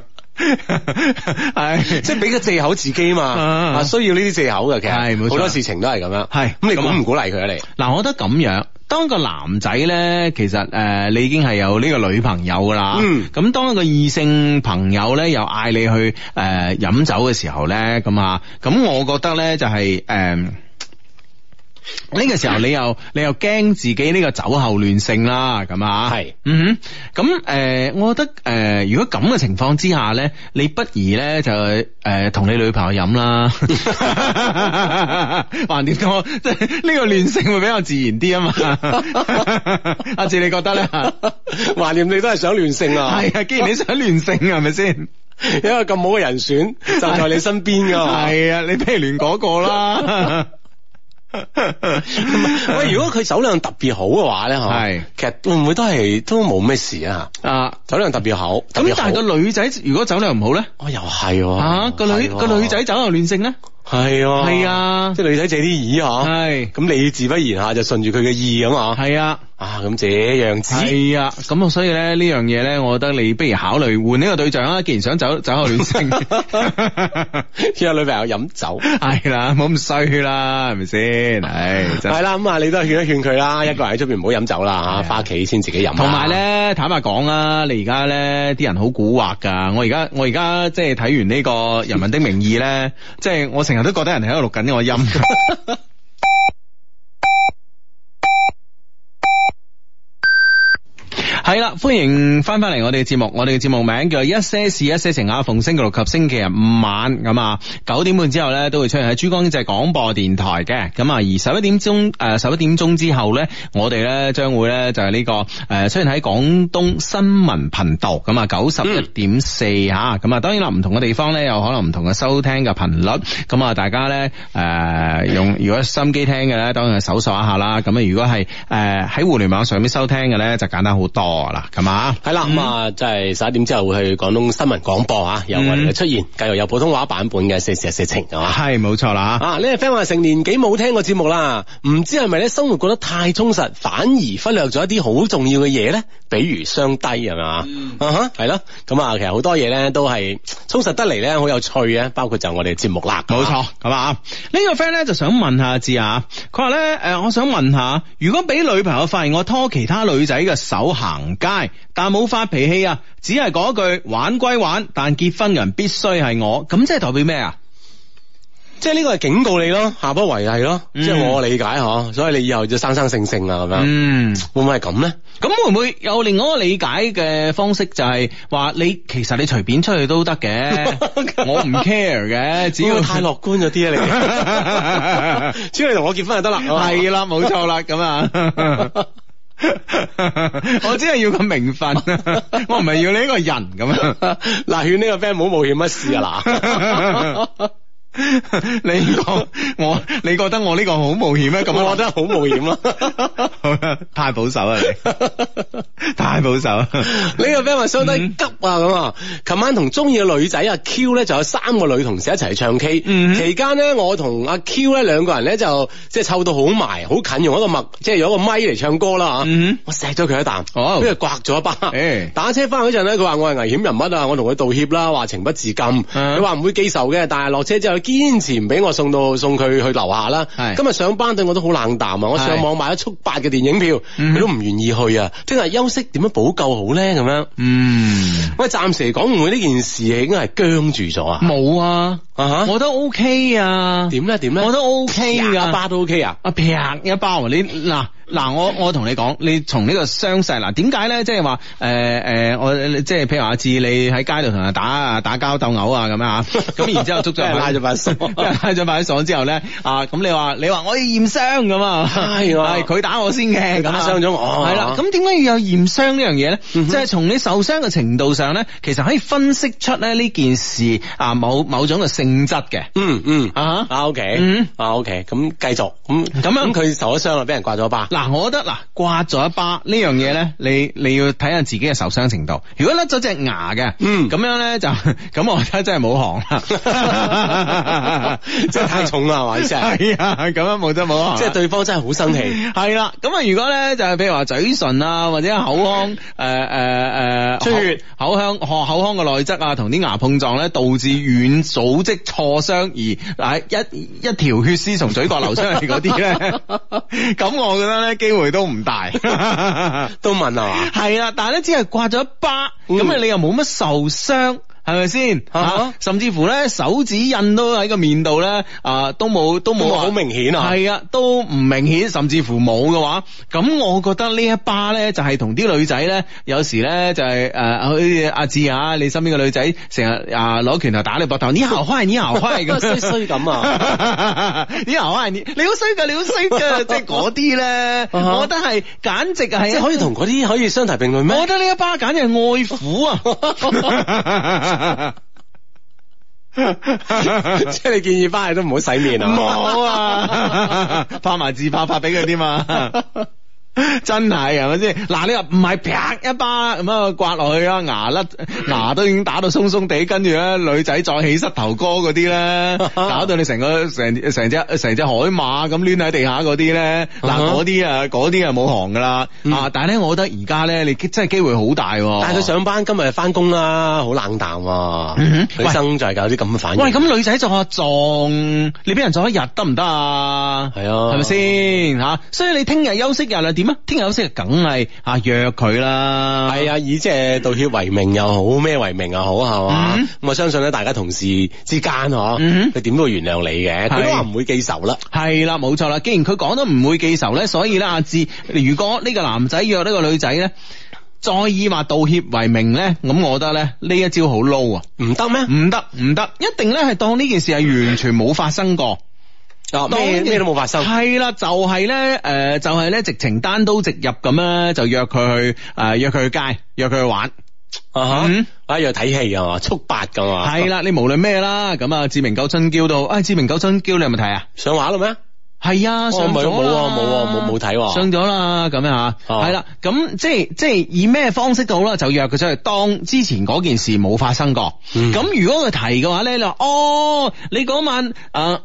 係， 即係俾個借口自己嘛，啊，需要呢啲借口嘅，其實係冇錯，好多事情都係咁樣。係是，咁你鼓唔鼓勵佢啊？你嗱樣、啊，我覺得咁樣，當個男仔咧，其實誒、呃，你已經係有呢個女朋友噶啦，嗯，咁當一個異性朋友咧，又嗌你去誒飲、呃、酒嘅時候咧，咁、呃、啊，咁我覺得咧就係、是、誒。呃呢個時候、嗯、你又你又驚自己呢個酒後亂性啦咁啊係是嗯哼咁誒、嗯呃，我覺得誒、呃，如果咁嘅情況之下咧，你不如咧就誒同、呃、你女朋友飲啦，橫掂我即係呢個亂性會比較自然啲 啊嘛，阿志你覺得咧？橫掂 你都係想亂性啊，係啊，既然你想亂性係咪先？是是 有一個咁好嘅人選就在你身邊噶，係啊, 啊，你不如亂嗰個啦。 喂， 如果佢酒量特別好嘅話咧，嚇是，其實會唔會都係都冇咩事啊？嚇、啊，酒量特別好，咁但係個女仔如果酒量唔好咧，哦，又係、哦，吓、啊，個女個、哦、女仔酒量亂性咧。係啊，係啊，即係女仔借啲耳嗬，係咁你自不言下就順住佢嘅意咁啊，係啊，啊咁這樣子，係啊，咁啊所以咧呢樣嘢咧，我覺得你不如考慮換呢個對象啊，既然想走走下女性，之後女朋友飲酒，係啦，冇咁衰血啦，係咪先？唉，係啦，咁啊，你都係勸一勸佢啦，一個人喺出邊唔好飲酒啦吓，翻屋企先自己飲。同埋咧，坦白講啦，你而家咧啲人好蠱惑噶，我而家我而家即係睇完呢個《人民的名義》咧，即係我成。我都覺得人哋喺度錄緊我音。係啦，歡迎翻翻嚟我哋嘅節目。我哋嘅節目名叫一些事一些情。啊逢星期六及星期日晚咁啊，九點半之後咧都會出現喺珠江經濟廣播電台嘅。咁啊，二十一點鐘誒，十一點鐘之後咧，我哋咧將會咧就係呢個誒，出現喺廣東新聞頻道咁啊，九十一點四吓咁啊。當然啦，唔同嘅地方咧，有可能唔同嘅收聽嘅頻率。咁啊，大家咧誒用如果收音機聽嘅咧，當然係搜索一下啦。咁啊，如果係誒喺互聯網上面收聽嘅咧，就簡單好多。嗱咁啊，係啦、嗯，咁啊，即係十一點之後會去廣東新聞廣播啊，有我哋出現，繼、嗯、續有普通話版本嘅《四事四情》係嘛，係冇錯啦啊！呢、這個 friend 話成年幾冇聽過節目啦，唔知係咪咧生活過得太充實，反而忽略咗一啲好重要嘅嘢咧，比如雙低係咪？嗯、啊哈，係咯，咁啊，其實好多嘢咧都係充實得嚟咧，好有趣啊，包括就係我哋節目啦，冇錯、嗯，咁啊，呢錯、啊這個 friend 咧就想問下字啊，佢話咧誒，我想問下，如果俾女朋友發現我拖其他女仔嘅手行行街，但冇發脾氣啊，只係嗰句玩歸玩，但結婚人必須係我，咁 即係代表咩啊？即係呢個係警告你咯，下不為例咯，嗯、即係我理解吓，所以你以後就生生性性啊咁樣，嗯，會唔會係咁咧？咁會唔會有另外一個理解嘅方式，就係、是、話你其實你隨便出去都得嘅，我唔 care 嘅，只要太樂觀咗啲啊你，只要你同我結婚就得 啦，係啦，冇錯啦，咁啊。我只係要個名分，我唔係要你呢個人咁樣。嗱，勸呢個 friend 唔好冒險乜事啊啦。 你我，你覺得我呢個好冒險咩？咁我覺得好冒險咯、啊， 太保守啦，你 太保守。你又俾人話相當急啊咁啊！琴、嗯、晚同中意嘅女仔阿 Q 咧，就有三個女同事一齊唱 K、嗯。期間咧，我同阿 Q 咧兩個人咧就即係湊到好埋，好近，用一個麥，即係用一個麥嚟唱歌啦吓。我錫咗佢一啖，跟住刮咗一巴。打車翻去嗰陣咧，佢話我係危險人物啊！我同佢道歉啦，話情不自禁，佢話唔會記仇嘅。但係落車之後。堅持唔俾我送到送佢去樓下啦。是今日上班對我都好冷淡啊！是我上網買咗速八嘅電影票，佢、嗯、都唔願意去啊。聽日休息點樣補救好咧？咁樣。嗯。喂，暫時嚟講，唔會呢件事已經係僵住咗啊？冇啊。我都 OK 啊，點咧，點咧？我都 OK 噶，一包都 OK 啊。啊劈一包啊！你嗱嗱我我同你講，你從呢個傷勢嗱，點解咧？即係話誒誒，我即係譬如話阿志，你喺街度同人打啊打交鬥毆啊咁樣啊，咁然之後捉咗人拉咗把鎖，跟住拉咗把鎖之後咧啊，咁你話你話我要驗傷咁啊？係係佢打我先嘅，咁啊傷咗我係啦。咁點解要有驗傷呢樣嘢咧？即係從你受傷嘅程度上咧，其實可以分析出咧呢件事啊某某種嘅性。性質嘅，嗯嗯啊，啊 OK，啊 OK，咁繼續咁咁樣佢受咗傷啦，俾人刮咗一巴。嗱，我覺得嗱，刮咗一巴呢樣嘢咧，你你要睇下自己嘅受傷程度。如果甩咗隻牙嘅，嗯，咁樣咧就咁，我覺得真係冇行啦，真係太重啦，係咪先？係啊，咁樣冇得冇，即係對方真係好生氣。係啦，咁啊，如果咧就係譬如話嘴唇啊，或者口腔，誒誒誒，出血、口腔、口口腔嘅內側啊，同啲牙碰撞咧，導致軟組織。挫傷而嗱一一條血絲從嘴角流出嚟嗰啲咧，咁 我覺得咧機會都唔大， 都問係嘛？係啦，但係咧只係刮咗一巴咁，嗯，你又冇乜受傷。係咪先？甚至乎咧手指印都喺個面度咧，啊、呃，都冇，都冇好明顯啊，係啊，都唔明顯，甚至乎冇嘅話，咁我覺得一呢一巴咧就係同啲女仔咧，有時咧就係、是、誒，好似阿志啊，你身邊嘅女仔成日啊攞拳頭打你膊頭， 你姣開，你姣開咁衰衰咁啊，你姣開，你好衰噶，你好衰噶， 即係嗰啲咧，uh huh. 我覺得係簡直係，即係可以同嗰啲可以相提並論咩？我覺得呢一巴簡直係愛撫啊！ 即係你建議翻去都唔好洗面啊！冇 有啊， 拍埋自拍拍俾佢添啊！ 真係係咪先？嗱，你又唔係啪一巴咁樣刮落去啊，牙甩牙都已經打到鬆鬆地，跟住咧女仔再起膝頭哥嗰啲咧，搞到你成個成成隻成隻海馬咁攣喺地下嗰啲咧，嗱嗰啲啊嗰啲啊冇行噶啦、嗯、啊！但係咧，我覺得而家咧你真係機會好大。但係佢上班今日翻工啦，好冷淡、啊。嗯、哼女生就係搞啲咁嘅反應。喂，咁女仔撞下撞，你俾人撞一日得唔得啊？係啊，係咪先吓？所以你聽日休息日啊點？聽日休息梗係啊，約佢啦，係啊，以即係道歉為名又好，咩為名又好係嘛，咁、嗯、我相信咧大家同事之間嗬，佢點都會原諒你嘅，佢是都話唔會記仇啦。係啦、啊，冇錯啦。既然佢講得唔會記仇咧，所以咧阿志，如果呢個男仔約呢個女仔咧，再以話道歉為名咧，咁我覺得咧呢一招好 low 啊，唔得咩？唔得唔得，一定咧係當呢件事係完全冇發生過。哦，當然咩都冇發生，係啦，就係、是、咧，誒、呃，就係咧，直情單刀直入咁啦，就約佢去，誒、呃，約佢去街，約佢去玩，uh huh, 嗯、啊哈，啊又睇戲啊，速八噶嘛，係啦，你無論咩啦，咁啊，志明救春嬌都，誒、哎，志明救春嬌你有冇睇啊？想玩啦咩？係啊，哦、上咗啊，冇有啊，冇冇睇上咗啦，咁樣吓，係啦，咁即係即係以咩方式都好啦，就約佢出去，當之前嗰件事冇發生過。咁、嗯、如果佢提嘅話咧，你話哦，你嗰晚啊，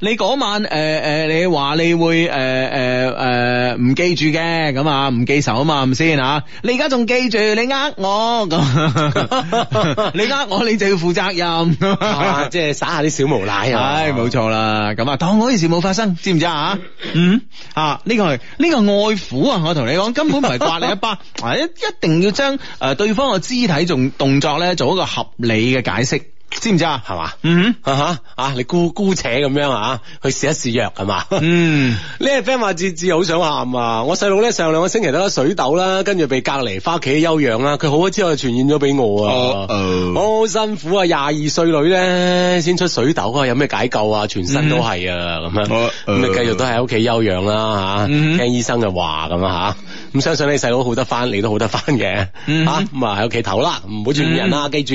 你嗰晚誒誒、呃呃，你話你會誒誒誒唔記住嘅，咁啊唔記仇啊嘛，係咪先吓、啊，你而家仲記住，你呃我咁， 你呃我你就要負責任， 即係耍下啲小無賴啊，唉、哎，冇錯啦，咁啊當嗰件事冇發生。知唔知 啊？嗯、這、啊、個，呢、這個係呢個愛撫啊！我同你講，根本唔係摑你一巴，啊，一一定要將誒對方嘅肢體仲動作咧，做一個合理嘅解釋。知唔知啊？係嘛？嗯？哈啊！你姑姑且咁樣啊，去試一試藥係嘛？嗯，呢個 friend 話字字好想喊啊！我細路咧上兩個星期都得水痘啦，跟住被隔離翻屋企休養啦。佢好咗之後就傳染咗俾我啊，我好辛苦啊！廿二歲女咧先出水痘啊，有咩解救啊？全身都係啊，咁樣咁你繼續都喺屋企休養啦吓，聽醫生嘅話咁啊吓。咁相信你細佬好得翻，你都好得翻嘅吓。咁啊喺屋企唞啦，唔好傳人啦，記住。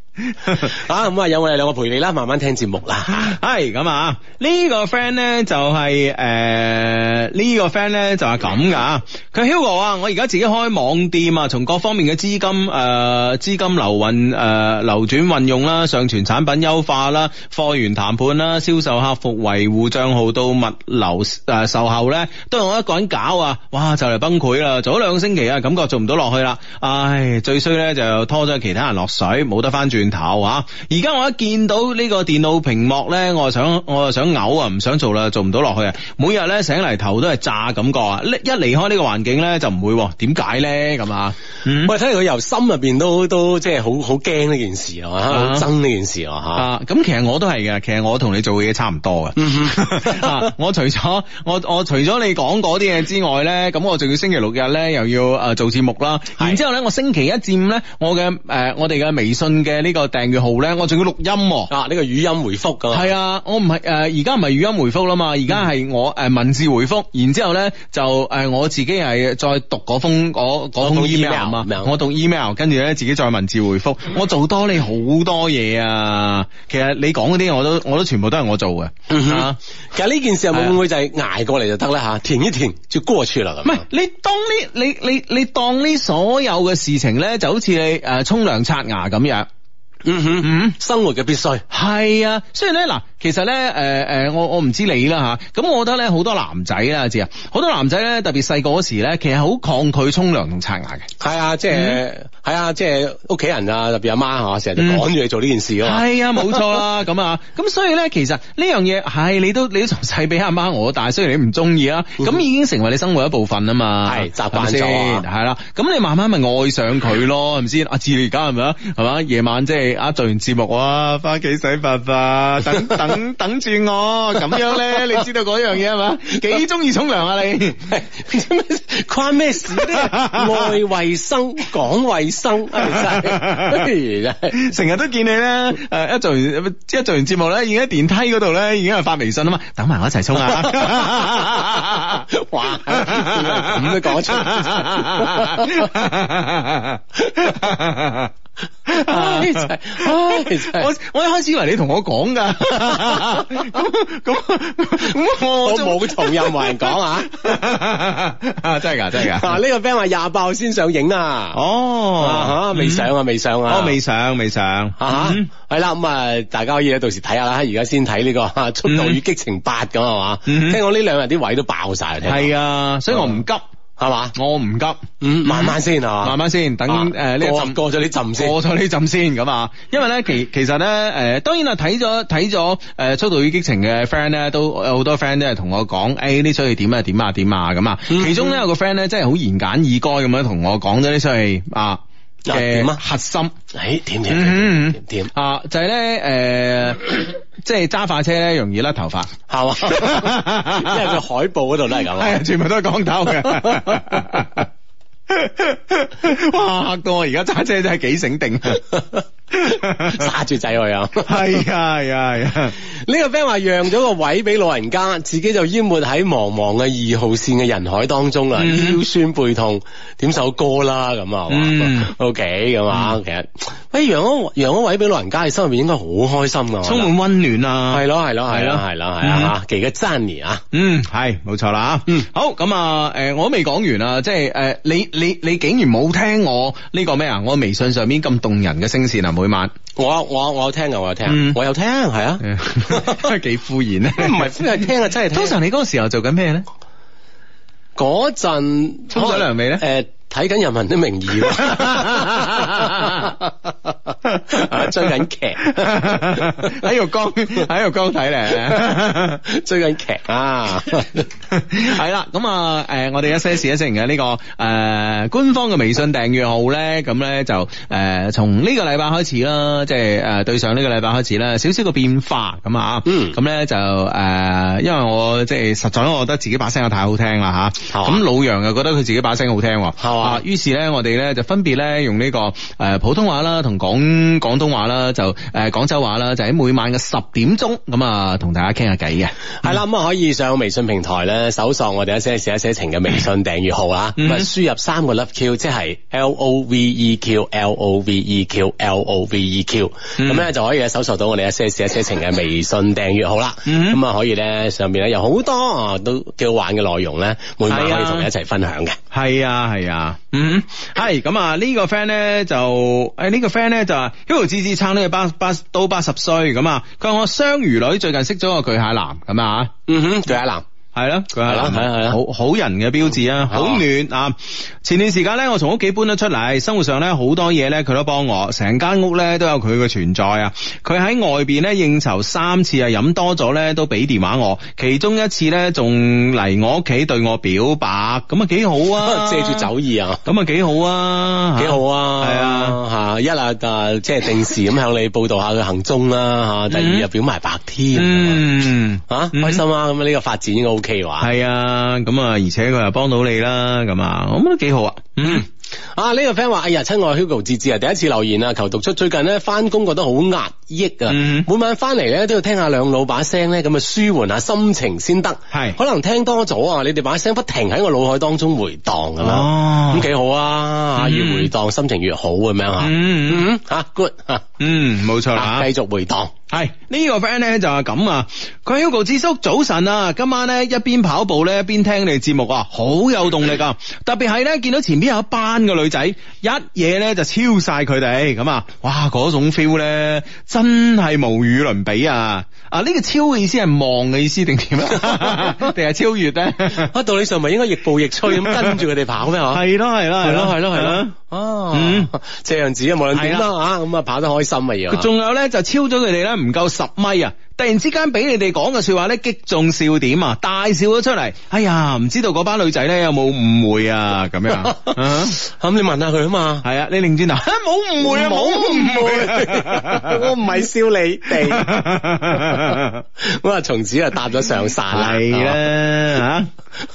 啊，咁啊，有我哋兩個陪你啦，慢慢聽節目啦。係咁啊，呢、嗯這個 friend 咧就係、是、誒，呢、呃這個 friend 咧就係咁噶。佢 Hugo 啊，我而家自己開網店啊，從各方面嘅資金誒，資金流運誒、呃，流轉運用啦，上傳產品優化啦，貨源談判啦，銷售客服維護賬號到物流誒售後咧，都係我一個人搞啊。哇，就嚟崩潰啦！做咗兩個星期啊，感覺做唔到落去啦。唉，最衰咧就拖咗其他人落水，冇得翻轉。頭啊！而家我一見到呢個電腦屏幕咧，我就想，我就想嘔啊，唔想做啦，做唔到落去啊。每日咧醒嚟頭都係炸感覺啊。一離開個環呢個環境咧就唔會點解咧咁啊？喂、嗯，睇嚟佢由心入邊都都即係好好驚呢件事啊，好憎呢件事、嗯、啊吓咁。其實我都係嘅，其實我同你做嘢差唔多嘅、嗯哼 啊。我除咗我我除咗你講嗰啲嘢之外咧，咁我仲要星期六日咧又要誒做節目啦。是然之後咧，我星期一至五咧我嘅誒我哋嘅微信嘅呢。這個呢個訂閱號咧，我仲要錄音、哦、啊！呢個語音回復噶係啊，啊，我唔係誒，而家唔係語音回復啦嘛，而家係我誒、呃、文字回復。然之後咧就誒、呃、我自己係再讀嗰封，嗰封 email 啊，我讀 email，跟住咧自己再文字回復。我做多你好多嘢啊！其實你講嗰啲我都我都全部都係我做嘅。其實呢件事會唔會就係挨過嚟就得咧吓？停、嗯、哼一停就過處啦。唔係你當呢你你你，你當呢所有嘅事情咧就好似你誒沖涼刷牙咁樣。嗯哼嗯，生活嘅必須係啊，雖然咧嗱，其實咧誒誒，我我唔知你啦吓，咁我覺得咧好多男仔啦，阿志啊，好多男仔咧特別細個嗰時咧，其實好抗拒沖涼同刷牙嘅，係啊，即係係啊，即係屋企人啊，特別阿媽啊，成日就趕住你做呢件事咯，係啊，冇錯啦，咁啊，咁所以咧，其實呢樣嘢係你都你都從細俾阿媽我但大，雖然你唔中意啊，咁已經成為你生活一部分啊嘛，係習慣先。係啦，咁你慢慢咪愛上佢咯，係咪先？阿志你而家係咪啊？係嘛，夜晚即係。啊！做完節目啊，翻屋企洗白白，等等等住我，咁樣咧，你知道嗰樣嘢啊嘛？幾中意沖涼啊你？關咩 事呢？愛衛 生，講衛生，真係成日都見你啦！誒，一做完一做完節目咧，已經喺電梯嗰度咧，已經係發微信啊嘛，等埋我一齊沖啊！ 哇，咁都講出？ 我我一開始以為你同我講噶，咁 樣 我冇同任何人講 啊，真係噶真係噶。嗱呢個 friend 話廿爆先上映啊，哦未上啊未上啊，我未上未，啊啊、上，係啦咁啊，大家可以咧到時睇下啦，而家先睇呢個《速度與激情八》咁係嘛，聽講呢兩日啲位都爆晒，係啊，所以我唔急。係嘛？我唔急，嗯，慢慢先，啊，慢慢先，等誒呢個浸過咗呢浸，浸先，過咗呢浸先咁啊！因為咧，其其實咧，誒、呃，當然啊，睇咗睇咗誒《速度與激情》嘅 friend 咧，都有好多 friend 都係同我講，誒呢出戲點啊點啊點啊咁啊！其中咧有個 friend 咧真係好言簡意賅咁樣同我講咗呢出戲啊。嗯嗯嘅核心，誒、哎，點點點啊，就係、是、咧，誒、呃，即係揸快車咧，容易甩頭髮，係嘛？即係個海報嗰度都係咁，係、哎、全部都係光頭嘅， 哇！嚇到我而家揸車真係幾醒定。 揸住仔去啊，係啊係啊係啊！呢個 friend 話讓咗個位俾老人家，自己就淹沒喺茫茫嘅二號綫嘅人海當中啊，腰酸背痛，點首歌啦咁啊嘛。OK 咁啊，其實哎讓咗讓咗位俾老人家，你心入面應該好開心啊，嗯、充滿溫暖啊。係咯係咯係咯係啦係啊。幾個讚你啊，嗯係冇錯啦嗯好咁啊，誒我未講完啊，即係誒你你你，你竟然冇聽我呢個咩啊？我微信上面咁動人嘅聲線啊！每晚，我、啊、我我有聽啊，我有聽，我有聽，係、嗯、啊，真係幾敷衍咧？唔係敷，係聽啊，真係聽。通常你嗰個時候做緊咩咧？嗰陣沖咗涼未咧？誒。睇緊人民的名義， 追緊劇喺度江喺度江睇嚟， 追緊劇啊，係啦咁啊，誒，我哋一些事一些情嘅呢個誒、呃、官方嘅微信訂閱號咧，咁咧就誒、呃、從呢個禮拜開始啦，即係誒、呃、對上呢個禮拜開始啦，少少嘅變化咁啊，咁咧就誒，嗯、因為我即係實在我覺得自己把聲又太好聽啦嚇，咁好、啊、老楊又覺得佢自己把聲好聽。好啊啊！於是咧，這個，我哋咧就分別咧用呢個誒普通話啦，同講廣東話啦，就誒廣、呃、州話啦，就喺每晚嘅十點鐘咁啊，同大家傾下偈嘅。係啦、嗯，咁啊可以上微信平台咧，搜索我哋一些事一些情嘅微信訂閱號啊，咁啊輸入三個 Love Q，即係 L O V E Q，L O V E Q，L O V E Q，咁咧、嗯、就可以搜索到我哋一些事一些情嘅微信訂閱號啦。嗯咁啊、嗯、可以咧上邊咧有好多啊都幾好玩嘅內容咧，每晚可以同你一齊分享嘅。係啊、嗯，係啊。嗯哼，係咁啊呢個 friend 咧就誒呢、呢個 friend 咧就話 Hugo 芝芝撐八八到八十歲咁啊佢話我雙魚女最近識咗個巨蟹男咁啊嗯哼巨蟹男。係咯，佢係啦，係啦，好好人嘅標誌啊，好暖啊！的前段時間咧，我從屋企搬咗出嚟，生活上咧好多嘢咧，佢都幫我，成間屋咧都有佢嘅存在啊！佢喺外邊咧應酬三次啊，飲多咗咧都俾電話我，其中一次咧仲嚟我屋企對我表白，咁啊幾好啊，借住 酒意啊，咁啊幾好啊，幾好啊，係啊的，吓的 一啊，即係定時咁向你報道下佢行蹤啦，吓 第二又表埋白天， 嗯，吓 開心啊，咁呢個發展應該 OK。係啊，咁啊，而且佢又幫到你啦，咁啊，我覺得都幾好啊。嗯、啊，呢、這個 friend 話：哎呀，親愛 Hugo 智智啊，第一次留言啊，求讀出最近咧翻工覺得好壓抑啊，嗯、每晚翻嚟咧都要聽下兩老把聲咧，咁啊舒緩下心情先得。係是，可能聽多咗啊，你哋把聲不停喺我腦海當中回蕩咁樣，咁幾、哦、好啊，嗯、越回蕩心情越好咁樣吓。嗯吓、嗯啊、，good 吓、啊，嗯冇錯吓，繼、啊啊、續回蕩。係呢個 friend 咧就係咁啊，佢 Hugo 之叔早晨啊，今晚咧一邊跑步咧一邊聽你哋節目啊，好有動力啊！特別係咧見到前邊有一班嘅女仔，一嘢咧就超晒佢哋，咁啊，哇嗰種 feel 咧真係無與倫比啊！啊呢個超嘅意思係望嘅意思定點啊？定係 超越咧？喺道理上咪係應該亦步亦趨咁跟住佢哋跑咩？係咯係咯係咯係咯係咯。哦，啊、嗯，這樣子啊，無論點啦吓，咁啊的跑得開心啊，仲有咧就超咗佢哋咧，唔夠十米啊。突然之間俾你哋講嘅說話咧擊中笑點啊，大笑咗出嚟。哎呀，唔知道嗰班女仔咧有冇誤會啊？咁樣咁你問下佢啊嘛。係啊，你擰轉頭，冇誤會啊，冇誤會，我唔係笑你哋。我話從此就答咗上晒。啦。係吓。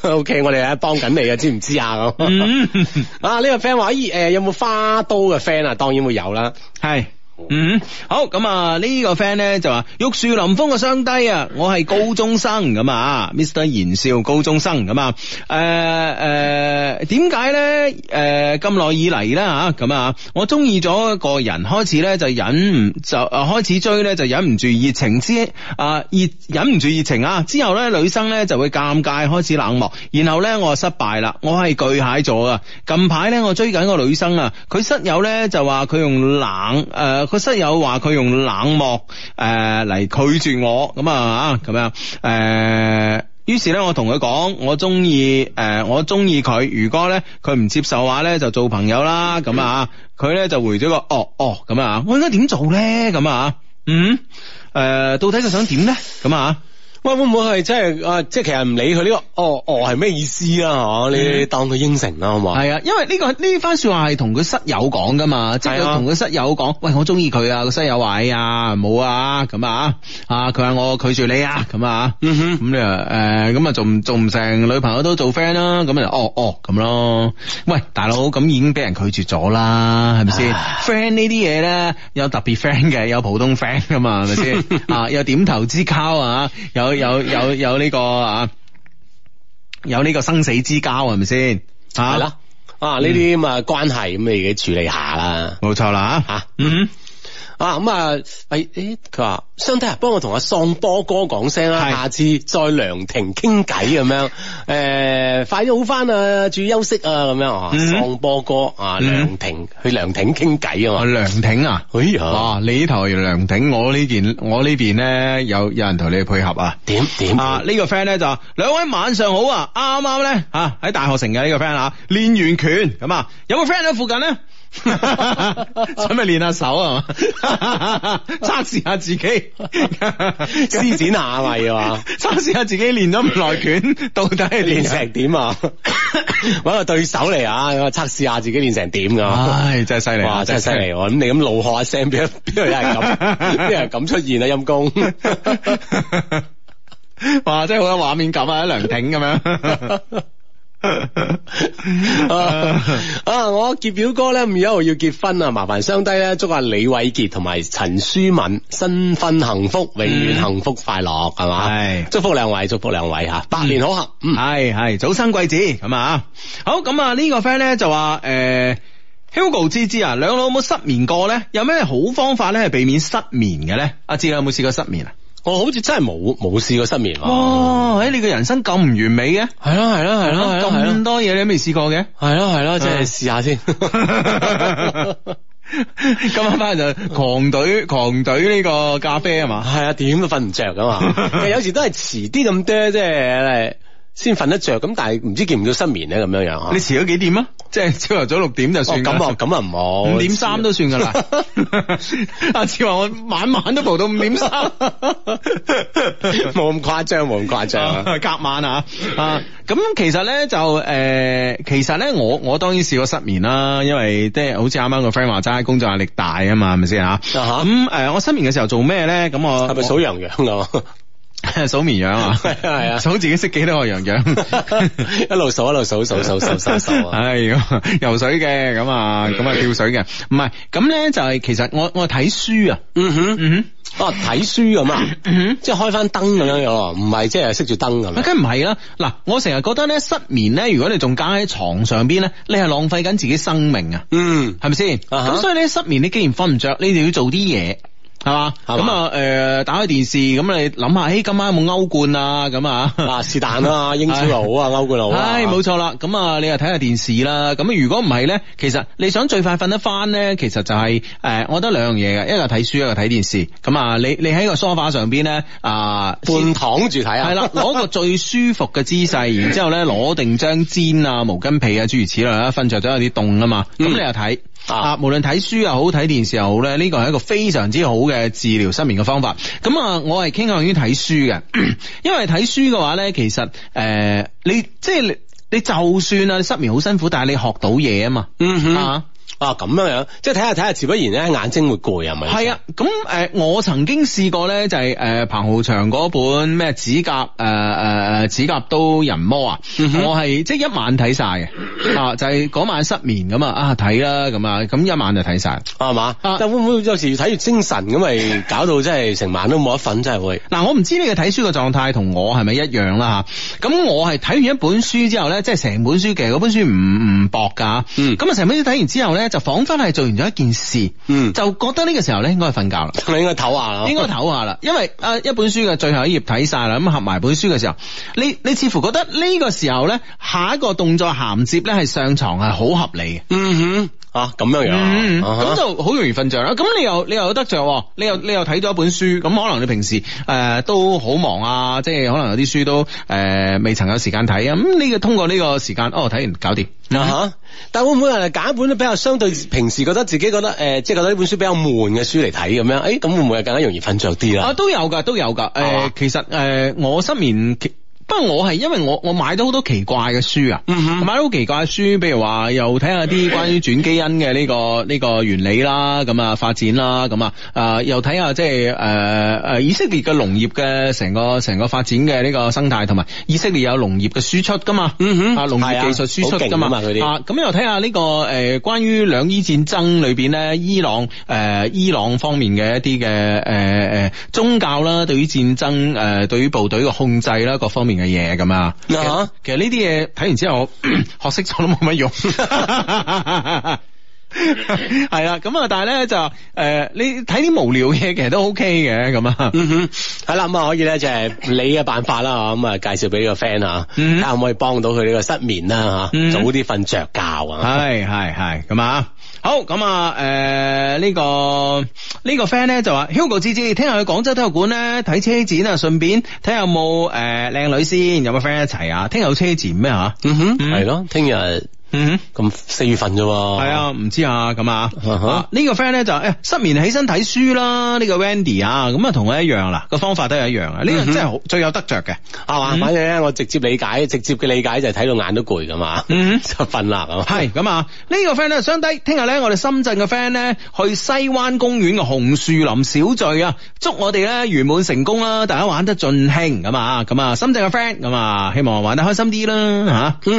O K，我哋喺幫緊你啊，知唔知啊？嗯。問問 啊，呢個 friend 話，咦、啊，誒，有冇花都嘅 friend 啊？當然會有啦。係。 嗯，好咁啊！呢、這個 friend 咧就話，玉樹臨風嘅雙低、呃呃呃、啊，我係高中生咁啊，Mr. 言少高中生咁啊，誒誒，點解咧？誒，咁耐以嚟啦吓，咁啊，我鍾意咗個人，開始咧就忍唔就誒、啊，開始追咧就忍唔住熱情之啊，熱忍唔住熱情啊，之後咧女生咧就會尷尬，開始冷漠，然後咧我就失敗啦，我係巨蟹座啊，近排咧我追緊個女生啊，佢室友咧就話佢用冷誒。呃個室友話佢用冷漠誒嚟、呃、拒絕我，咁啊，咁樣誒、啊，於是咧我同佢講，我中意誒，我中意佢，如果咧佢唔接受嘅話咧，就做朋友啦，咁啊，佢咧就回咗個哦哦咁啊，我應該點做咧？咁啊，嗯，誒、呃，到底佢想點咧？咁啊？喂，會唔會係即係啊？即係是其實唔理佢呢、這個哦哦係咩意思啊？你當佢應承啦，好嘛？係啊，因為呢個呢番說話係同佢室友講噶嘛， 即係佢同佢室友講喂，我中意佢啊！個室友話哎呀冇啊咁啊啊，佢話、啊啊啊、我拒絕你啊咁啊，咁你誒咁啊，仲做唔成,做成女朋友都做 friend 啦、啊？咁啊，哦哦咁咯、啊。喂，大佬咁已經俾人拒絕咗啦，係咪先？friend 呢啲嘢咧有特別 friend 嘅，有普通 friend 噶嘛？係咪先啊？有點頭之交啊，有。有有有呢個啊，有呢、呢個、個生死之交係咪先？係啦，了啊呢啲咁啊關係咁、嗯、你處理下啦，冇錯啦吓，啊、嗯哼。啊咁啊，誒誒，佢話雙梯啊，幫、欸欸、我同阿喪波哥講聲啦，是下次再涼亭傾偈咁樣。誒、 啊，快啲好返啊，注意休息啊，咁樣。喪波哥啊，涼亭去涼亭傾偈啊嘛。涼亭啊，哎哇，你呢台涼亭，我呢邊我邊呢邊我呢邊咧有有人同你配合啊？點點？啊這個、呢個 friend 咧就，兩位晚上好啊，啱啱咧啊喺大學城嘅呢個 friend 啊，練完拳咁啊，有冇 friend 喺附近咧？準備練下手啊？嘛，測試下自己施 展下位 啊。測試下自己練咗咁耐拳到底練 成點怎啊？搵 個對手嚟啊，測試下自己練成點噶。唉、 哎，真係犀利，哇，真係犀利！咁你咁怒喝一聲，邊邊度有人咁邊度敢出現啊？陰公， 哇，真係好有畫面感啊！梁挺咁樣。 啊！我結表哥咧，咁而家我要結婚啊，麻煩雙低咧，祝阿李偉傑同埋陳舒敏新婚幸福，永遠幸福快樂，係嘛？係是，祝福兩位，祝福兩位吓，百年好合，係、嗯、係，早生貴子咁啊，好，咁啊呢個 friend 咧就話誒、呃、，Hugo 芝芝啊，兩老有冇失眠過咧？有咩好方法咧係避免失眠嘅咧？阿芝有冇試過失眠啊？我好似真係冇冇試過失眠喎！喺、欸、你嘅人生咁唔完美嘅？係咯係咯係咯，咁多嘢你都未試過嘅，係咯係咯，的即係試下先。 今晚翻嚟就狂隊狂隊呢個咖啡吖 嘛，係啊，點都瞓唔着噶嘛，有時都係遲啲咁多即係。先瞓得着咁，但係唔知叫唔叫失眠咧咁樣樣。你遲咗幾點啊？即係朝頭早六點就算。咁啊、哦，咁啊唔好。五點三都算噶啦。阿志話我晚晚都蒲到五點三，冇咁誇張，冇咁誇張。隔晚啊，啊，咁其實咧就誒、呃，其實咧我我當然試過失眠啦，因為即係好似啱啱個 friend 話齋，工作壓力大啊嘛，係咪先吓？咁誒、uh huh. 嗯，我失眠嘅時候做咩咧？咁我係咪數羊羊啊？ 數綿羊啊，係 啊，數自己識幾多個羊羊，一路數一路數數數數數數啊！唉、 哎，游水嘅，咁啊，咁啊，啊跳水嘅，唔係咁咧就係、是、其實我我睇書啊，嗯哼嗯哼，哦睇書咁啊，啊嗯、哼即係開翻燈咁樣、嗯、哼樣咯，唔係即係熄住燈咁，梗唔係啦。嗱，我成日覺得咧失眠咧，如果你仲加喺床上邊咧，你係浪費緊自己生命啊，嗯，係咪先？咁、uh huh. 所以咧失眠你既然瞓唔着，你就要做啲嘢。係嘛？咁啊，誒、呃，打開電視，咁你諗下，誒，今晚有冇歐冠啊？咁 啊，啊，是但啊，英超又好啊，歐冠又好。唉，冇錯啦。咁啊，你又睇下電視啦。咁如果唔係咧，其實你想最快瞓得翻咧，其實就係、是、誒，我覺得兩樣嘢嘅，一個係睇書，一個睇電視。咁啊，你你喺個梳化上邊咧，呃、啊，半躺住睇下，係啦，攞個最舒服嘅姿勢， 然之後咧，攞定張氈啊、毛巾被啊，諸如此類啊，瞓着都有啲凍啊嘛。咁你又睇。 啊，無論睇書又好，睇電視又好咧，呢個係一個非常之好嘅治療失眠嘅方法。咁啊，我係傾向於睇書嘅， 因為睇書嘅話咧，其實誒、呃，你即係、就是、你，你就算啊你失眠好辛苦，但係你學到嘢啊嘛。嗯哼。啊啊咁樣樣，即係睇下睇下，自不然咧，眼睛會攰係咪？係啊，咁誒、呃，我曾經試過咧，就係、是、誒、呃、彭浩翔嗰本咩指甲誒誒誒指甲刀人魔啊，嗯、哼我係即係一晚睇晒嘅， 啊就係、是、嗰晚失眠咁啊睇啦咁啊，咁一晚就睇晒係嘛，但會唔會有時睇越精神咁咪 搞到真係成晚都冇得瞓，真係會。嗱、啊、我唔知你嘅睇書嘅狀態同我係咪一樣啦吓，咁我係睇完一本書之後咧，即係成本書其實嗰本書唔唔薄噶，嗯，咁啊成本書睇完之後咧。就仿佛係做完咗一件事，嗯，就覺得呢個時候咧應該瞓覺啦，你應該唞下啦，應該唞下啦， 因為啊一本書嘅最後一頁睇晒啦，咁合埋本書嘅時候，你你似乎覺得呢個時候咧，下一個動作銜接咧係上床係好合理嘅，嗯哼，嚇、啊、咁樣樣，咁、嗯啊、哈就好容易瞓着啦。咁你又你又得着你又你又睇咗一本書，咁可能你平時誒、呃、都好忙啊，即係可能有啲書都誒、呃、未曾有時間睇啊。咁、嗯、你通過呢個時間，哦睇完搞掂，嗯、 但會唔會係揀一本比較相？對，平時覺得自己覺得誒、呃，即係覺得呢本書比較悶嘅書嚟睇咁樣，誒、哎，咁會唔會係更加容易瞓着啲啦？啊，都有噶，都有噶。誒、啊呃，其實誒、呃，我失眠。不過我係因為我我買咗好多奇怪嘅書啊，嗯、哼買咗好奇怪嘅書，比如話又睇下啲關於轉基因嘅呢、呢個呢、呢個原理啦，咁啊發展啦，咁啊誒又睇下即係誒誒以色列嘅農業嘅成個成個發展嘅呢個生態，同埋以色列有農業嘅輸出噶嘛，嗯哼，農業技術輸啊農業技術輸出噶嘛，咁、啊、又睇下呢個誒、呃、關於兩伊戰爭裏邊咧，伊朗誒、呃、伊朗方面嘅一啲嘅誒誒宗教啦、呃，對於戰爭誒對於部隊嘅控制啦，各方面。嘅嘢咁啊，其實呢啲嘢睇完之後我咳咳學識咗都冇乜用，係啦。咁啊，但係咧就誒、呃，你睇啲無聊嘢，其實都 OK 嘅咁啊。嗯哼，係啦咁啊，可以咧，就係你嘅辦法啦。咁啊，介紹俾個 friend 啊，睇下可唔可以幫到佢呢個失眠啦吓，嗯、哼早啲瞓着覺、嗯、哼 啊。係係係咁啊。好，咁啊！誒、呃，呢、這個呢、這個 friend 咧就話，Hugo 之之聽日去廣州體育館咧睇車展啊，順便睇下有冇誒靚女先，有冇 friend 一齊啊？聽日有車展咩？吓，嗯哼，係咯、嗯，聽日。嗯，咁四月份啫喎，係啊，唔知啊，咁啊，呢個 friend 咧就誒失眠起身睇書啦，呢個 Wendy 啊，咁啊同我一樣啦，個方法都係一樣啊，呢個真係好最有得着嘅，係嘛，反正咧我直接理解，直接嘅理解就係睇到眼都攰噶嘛，就瞓啦，係咁啊，呢個 friend 咧相低，聽日咧我哋深圳嘅 friend 咧去西灣公園嘅紅樹林小聚啊，祝我哋咧圓滿成功啦，大家玩得盡興，咁啊，咁啊深圳嘅 friend，咁啊希望玩得開心啲啦，吓，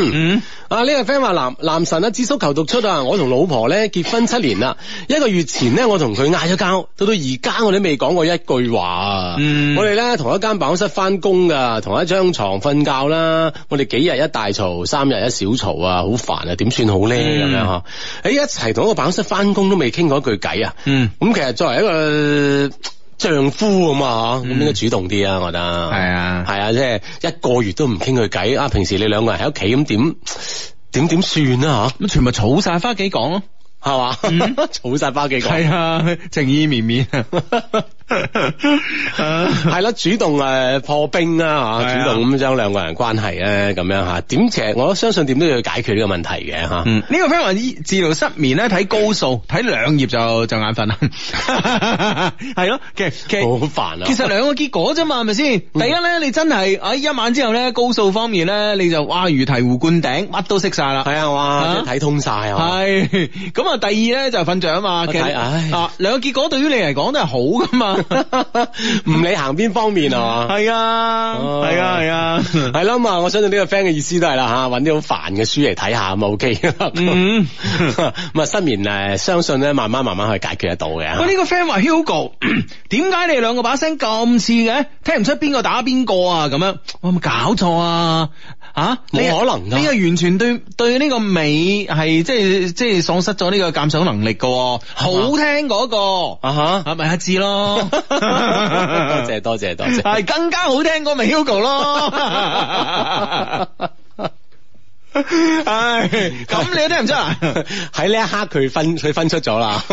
啊呢個 friend 話嗱。男神啊，智叔求讀出啊！我同老婆咧結婚七年啦，一個月前咧我同佢嗌咗交，到到而家我哋未講過一句話啊！嗯、我哋咧同一間辦公室翻工噶，同一張床瞓覺啦，我哋幾日一大嘈，三日一小嘈啊，好煩啊！點算好咧咁樣呵？喺、嗯、一齊同一個辦公室翻工都未傾過一句偈啊！嗯，咁其實作為一個、呃、丈夫啊嘛，咁、嗯、應該主動啲、嗯、啊，我覺得係啊，係啊，即係一個月都唔傾佢偈啊！平時你兩個人喺屋企咁點？怎點點算啊吓，咁全部儲晒翻幾港咯，係嘛，儲晒翻幾港，係、嗯、啊，情意綿綿。 係啦， 主動誒破冰啊，吓，主動咁將兩個人關係咧咁樣吓，點其實我相信點都要解決呢個問題嘅吓。呢、啊嗯、個方案治療失眠咧，睇高數睇兩頁就就眼瞓啦。係 咯 ，OK, 煩啊、其實好煩啊。其實兩個結果啫嘛，係咪先？Um, 第一咧，你真係哎一晚之後咧，高數方面咧，你就哇如醍醐灌頂，乜都識晒啦。係啊嘛，即睇通晒啊。係咁啊，第二咧就瞓着啊嘛。睇、哎、唉，兩個結果對於你嚟講都係好㗎嘛。 唔理 行邊方面啊，係啊，係、uh, 啊，係啊，係咯啊。我相信呢個 friend 嘅意思都係啦、啊，吓，揾啲好煩嘅書嚟睇下咁，OK。嗯，咁、okay、啊， 失眠誒，相信咧，慢慢慢慢可以解決得到嘅。我呢個 friend 話 Hugo，點解 你哋兩個把聲咁似嘅？聽唔出邊個打邊個啊？咁樣，我有冇搞錯啊？啊，冇可能噶，呢係完全對對呢個美係即係即係喪失咗呢個鑑賞能力噶，好聽嗰個啊哈，係咪一致咯？多謝多謝多謝，係更加好聽嗰個咪 Hugo 咯。唉，咁你都聽唔出啊？喺呢一刻佢分佢分出咗啦，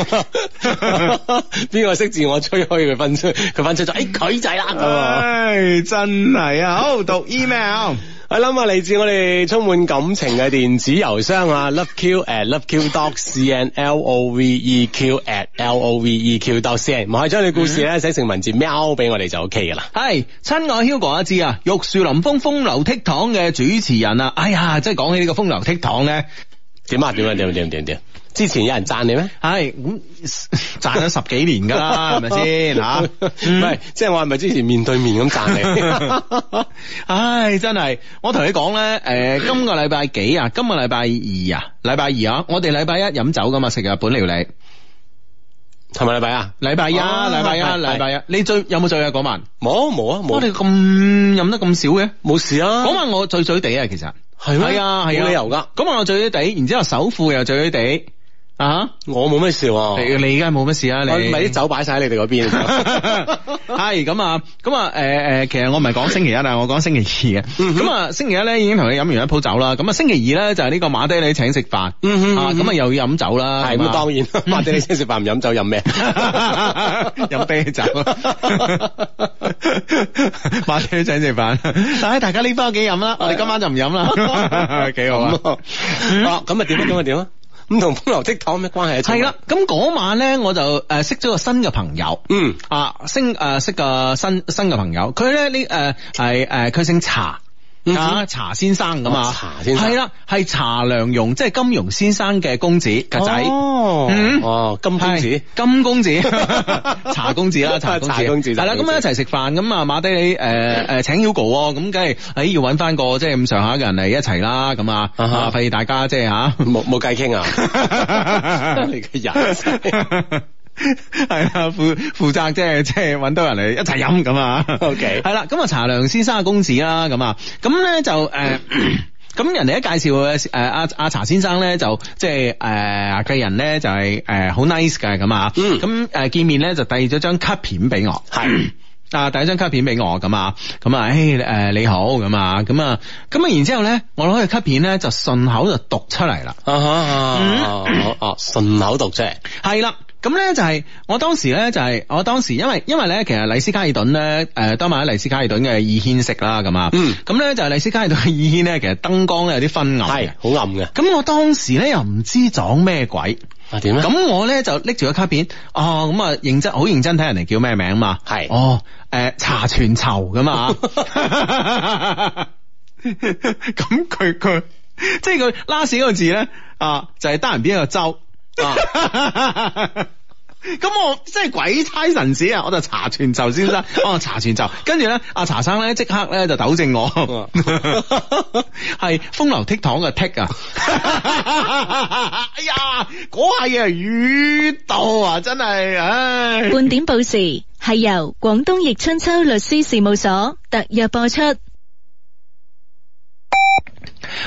邊個識自我吹開佢分出佢分出咗，誒佢仔啦唉，真係啊，好讀 email。我諗啊，嚟自我哋充滿感情嘅電子郵箱啊，loveq at l o v e q d o c c n l o v e q at l o v e qdocs，唔係將你故事咧寫成文字喵俾我哋就 OK 噶啦。係，親愛 h u g 一知啊，玉樹臨風、風流倜儻嘅主持人啊，哎呀，真係講起呢個風流倜儻咧。點啊點啊點啊點啊點，之前有人讚你咩？係咁讚咗十幾年噶啦，係咪先吓？唔係，即係我係咪之前面對面咁讚你？ 唉，真係，我同你講咧，誒、呃，今個禮拜幾啊？今個禮拜二啊？禮拜二啊？我哋禮拜一飲酒噶嘛，食日本料理。琴日禮拜啊？禮拜一，禮、啊、拜一，禮拜一。你醉有冇醉啊？嗰晚冇冇啊？我哋咁飲得咁少嘅，冇事啊。嗰 晚我醉醉地啊，其實。係咩？係啊，係啊，冇理由噶。咁我醉咗地，然之後首付又醉咗地。啊！我冇咩事，你你而家冇乜事啊？你唔係啲酒擺晒喺你哋嗰邊。係咁啊，咁啊，誒誒，其實我唔係講星期一啊，我講星期二啊。咁啊，星期一咧，已經同你飲完一鋪酒啦。咁啊，星期二咧就係呢個馬爹利請食飯。咁啊又要飲酒啦。咁，當然馬爹利請食飯唔飲酒飲咩？飲啤酒。馬爹利請食飯，但係，大家呢番都幾飲啦。我哋今晚就唔飲啦。幾好啊！咁啊點咁點啊點啊！咁同風流倜儻咩關係啊？係啦，咁、那、嗰、個、晚咧我就誒、呃、識咗個新嘅朋友，嗯啊，識誒識個新新嘅朋友，佢咧你誒係誒佢姓查。茶先生咁啊，茶先生係啦，係茶良容，即係金庸先生嘅公子，格仔哦，哦金公子，金公子，茶公子啦，茶公子，公子。係啦，咁咧一齊食飯咁啊，馬低你誒誒，請 Ugo 咁，梗係誒要揾翻個即係咁上下嘅人嚟一齊啦，咁啊，費事大家即係吓冇冇偈傾啊。你嘅人。係啦，負負責即係即係搵到人嚟一齊飲咁啊。O K，係啦，咁啊查良先生嘅公子啦，咁啊，咁咧就誒，咁人哋一介紹誒阿阿查先生咧，就即係誒嘅人咧就係誒好 nice 嘅咁啊。嗯，咁誒見面咧就遞咗張卡片俾我，係啊，遞咗張卡片俾我咁啊，咁啊誒你好咁啊，咁啊，咁啊然之後咧，我攞住卡片咧就順口就讀出嚟啦。哦哦，順口讀啫，係啦。咁咧就係，我當時咧就係，我當時因為因為咧，其實麗斯卡爾頓咧，誒，當晚喺麗斯卡爾頓嘅二軒食啦，咁啊，嗯，咁咧就係麗斯卡爾頓嘅二軒咧，其實燈光咧有啲昏暗，係，好暗嘅。咁我當時咧又唔知撞咩鬼，啊，點咧？咁我咧就拎住個卡片，哦，咁啊認真，好認真睇人哋叫咩名嘛，係，哦，誒，查全球噶嘛，咁佢佢，即係佢 last 嗰個字咧，啊，就係單人邊一個周。咁、啊、 我即係鬼差神使啊！我就查全就先生，哦查全就。跟住咧，阿、啊、查生咧即刻咧就糾正我，係、啊、 風流倜儻嘅倜啊！ 哎呀，嗰下嘢係雨到啊！真係唉！哎、半點報時係由廣東易春秋律師事務所特約播出。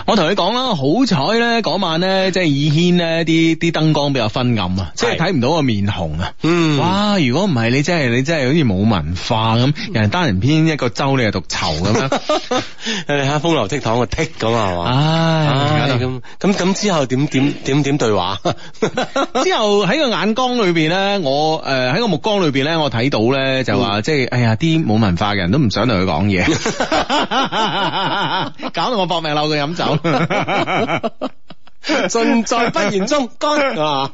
我同你講啦，好彩咧嗰晚咧，即係以軒呢啲啲燈光比較昏暗啊，是即係睇唔到我面紅啊。嗯、哇！如果唔係你真係你真係好似冇文化咁，嗯、人單人編一個周你係讀愁咁樣，你睇風流倜儻個剔咁啊嘛。唉，咁咁咁之後點點點點對話？ 之後喺個眼光裏邊咧，我誒喺、呃、個目光裏邊咧，我睇到咧就話即係哎呀啲冇文化嘅人都唔想同佢講嘢，搞到 我搏命扭佢飲。走，盡 在不言中，啊，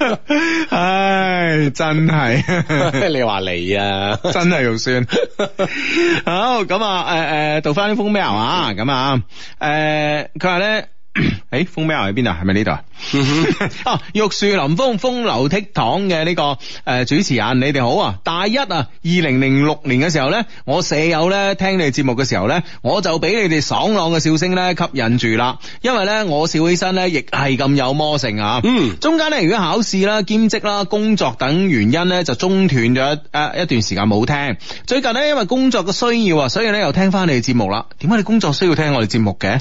唉，真係，即係 你話嚟啊， 真係肉酸， 好咁啊，誒誒，讀翻啲封 mail 啊，咁啊，誒，佢話咧，誒，封 mail 喺邊度，係咪呢度？啊。呃 哦、 啊，玉樹臨風、風流倜儻嘅呢個誒、呃、主持人，你哋好啊！大一啊，二零零六年嘅時候呢，我舍友呢聽你哋節目嘅時候呢，我就俾你哋爽朗嘅笑聲呢吸引住啦。因為呢，我笑起身呢，亦係咁有魔性啊！嗯，中間呢，如果考試啦、兼職啦、工作等原因呢，就中斷咗誒、呃、一段時間冇聽。最近呢，因為工作嘅需要啊，所以呢又聽翻你哋節目啦。點解你工作需要聽我哋節目嘅？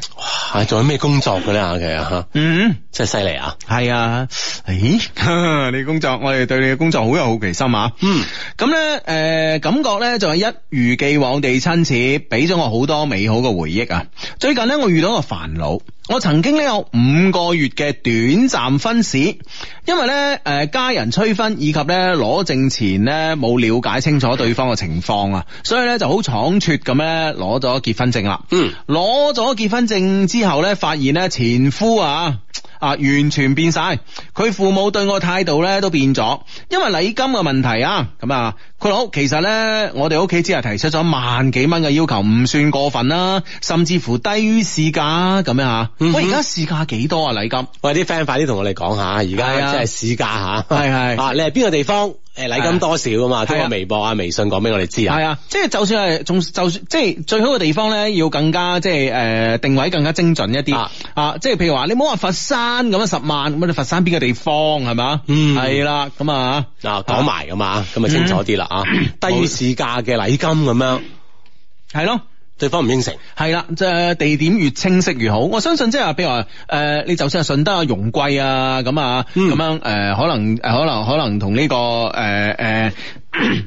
哇，做咩工作嘅呢？阿奇啊，吓，嗯、啊，真係犀嚟啊，係啊，誒， 你工作，我哋對你嘅工作好有好奇心啊。嗯，咁呢誒，感覺呢，就係一如既往地親切，俾咗我好多美好嘅回憶啊。最近呢，我遇到個煩惱，我曾經呢，有五個月嘅短暫婚史，因為呢誒、呃、家人催婚以及呢攞證前呢冇了解清楚對方嘅情況啊，所以呢就好倉促咁呢攞咗結婚證啦。嗯，攞咗結婚證之後呢，發現呢前夫啊。啊！完全變晒，佢父母對我態度咧都變咗，因為禮金嘅問題啊。咁啊，佢老，其實咧我哋屋企只係提出咗萬幾蚊嘅要求，唔算過分啦，啊，甚至乎低於市價咁樣吓。啊啊嗯、哼喂，而家市價幾多啊？禮金？喂，啲 friend 快啲同我哋講下，而家即係市價吓。係係啊，你係邊個地方？誒，禮金多少啊嘛？啊通過微博啊、微信講俾我哋知啊。係啊，即係就算係仲，就即係、就算、最好嘅地方咧，要更加即係誒定位更加精準一啲啊，啊。即係譬如話，你唔好話佛山咁樣十萬咁，你佛山邊個地方係、嗯啊啊、咪？啊、嗯，係啦，咁啊啊講埋噶嘛，咁啊清楚啲啦啊，低於市價嘅禮金咁樣，係咯。對方唔應承，係啦，即係地點越清晰越好。我相信即係話，譬如話，誒、呃，你就算係順德啊、容桂啊咁啊，咁、嗯、樣誒、呃，可能誒、呃，可能可能同呢個誒誒、呃、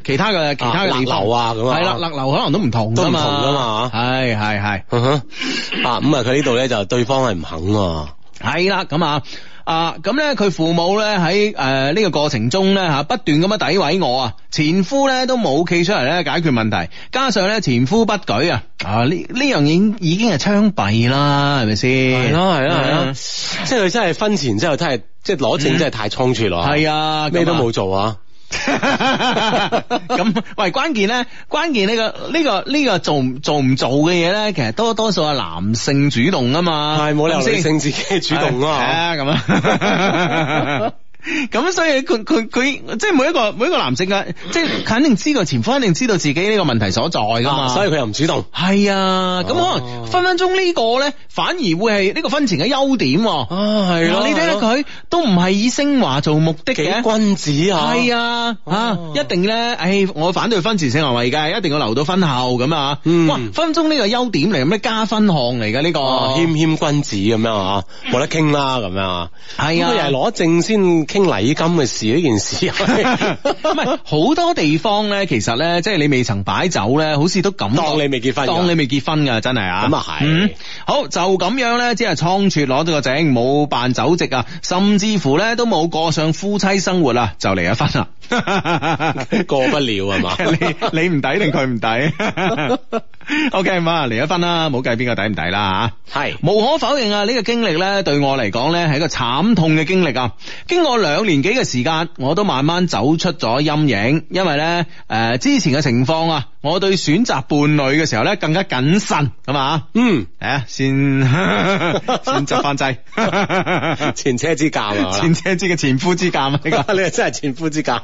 其他嘅其他嘅樓啊咁啊，係啦、啊，樓、啊、可能都唔同都唔同噶嘛，係係係，嗯哼，啊，咁 啊，佢呢度咧就對方係唔肯，係啦，咁啊。啊，咁咧佢父母咧喺誒呢個過程中咧吓，不斷咁樣詆毀我啊，前夫咧都冇企出嚟咧解決問題，加上咧前夫不舉啊，啊呢呢樣已經已經係槍斃啦，係咪先？係咯係咯係咯，啊啊啊、即係佢真係婚前之後真係即係攞證真係太倉促咯，係 啊，咩都冇做啊。咁， 喂， 關鍵咧，關鍵呢、呢個呢、呢個呢、呢個做做唔做嘅嘢咧，其實多多數係男性主動啊嘛，係冇理由、哎、女性自己主動、哎、啊，嘛，咁樣。 咁所以佢佢佢即係每一個每一個男性啊，即係肯定知道前夫，肯定知道自己呢個問題所在噶嘛，所以佢又唔主動。係啊，咁可能分分鐘呢個咧，反而會係呢個婚前嘅優點啊，係咯？你睇得佢都唔係以升華做目的嘅君子，係啊，啊一定咧，唉，我反對婚前性行為㗎，一定要留到婚後咁啊。哇，分分鐘呢個優點嚟嘅咩加分項嚟嘅呢個謙謙君子咁樣啊，冇得傾啦咁樣。係啊，佢又係攞證先。傾禮金嘅事呢件事，唔係好多地方咧，其實咧，即係你未曾擺酒咧，好似都咁，當你未結婚，當你未結婚嘅真係啊，咁啊係，嗯，好就咁樣咧，即係倉促攞到個證，冇辦酒席啊，甚至乎咧都冇過上夫妻生活啦，啊，就離咗婚啦， 過不了啊嘛， 你你唔抵定佢唔抵？ O K，咁啊，離咗婚啦，冇計邊個抵唔抵啦吓，係無可否認啊！呢個經歷咧，對我嚟講咧，係一個慘痛嘅經歷啊。經過兩年幾嘅時間，我都慢慢走出咗陰影，因為咧，誒、呃，之前嘅情況啊，我對選擇伴侶嘅時候咧，更加謹慎咁啊。嗯，誒，先先執翻掣， 前車之鑑， 前車之嘅前夫之鑑啊！你、這、講、個、 你真係前夫之鑑，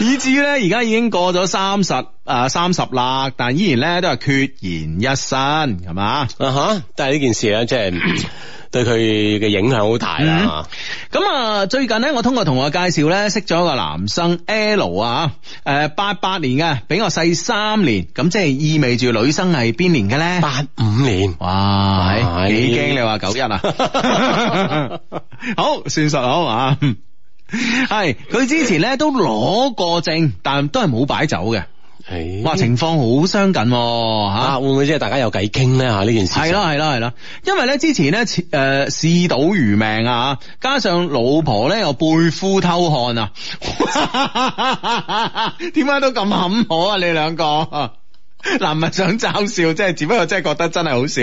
以至咧，而家已經過咗三十。誒，三十啦，但依然咧都係孑然一身，係嘛？啊哈，但係呢件事咧，即係對佢嘅影響好大啊！咁啊、嗯，嗯、最近咧，我通過同學介紹咧，識咗個男生 L 啊，誒，八八年嘅，比我細三年，咁即係意味住女生係邊年嘅咧？八五年，哇，幾驚哇你話九一啊？ 好，算數好嘛？係，佢 之前咧都攞過證，但都係冇擺酒嘅。哎、哇，情況好相近吓、啊啊，會唔會即係大家有偈傾咧吓呢件哇事？係啦係啦係啦，因為咧之前咧誒，嗜、呃、賭如命啊，加上老婆咧又背夫偷看啊，點 解都咁冚好啊？你兩個嗱唔係想嘲笑，即係只不過真係覺得真係好笑，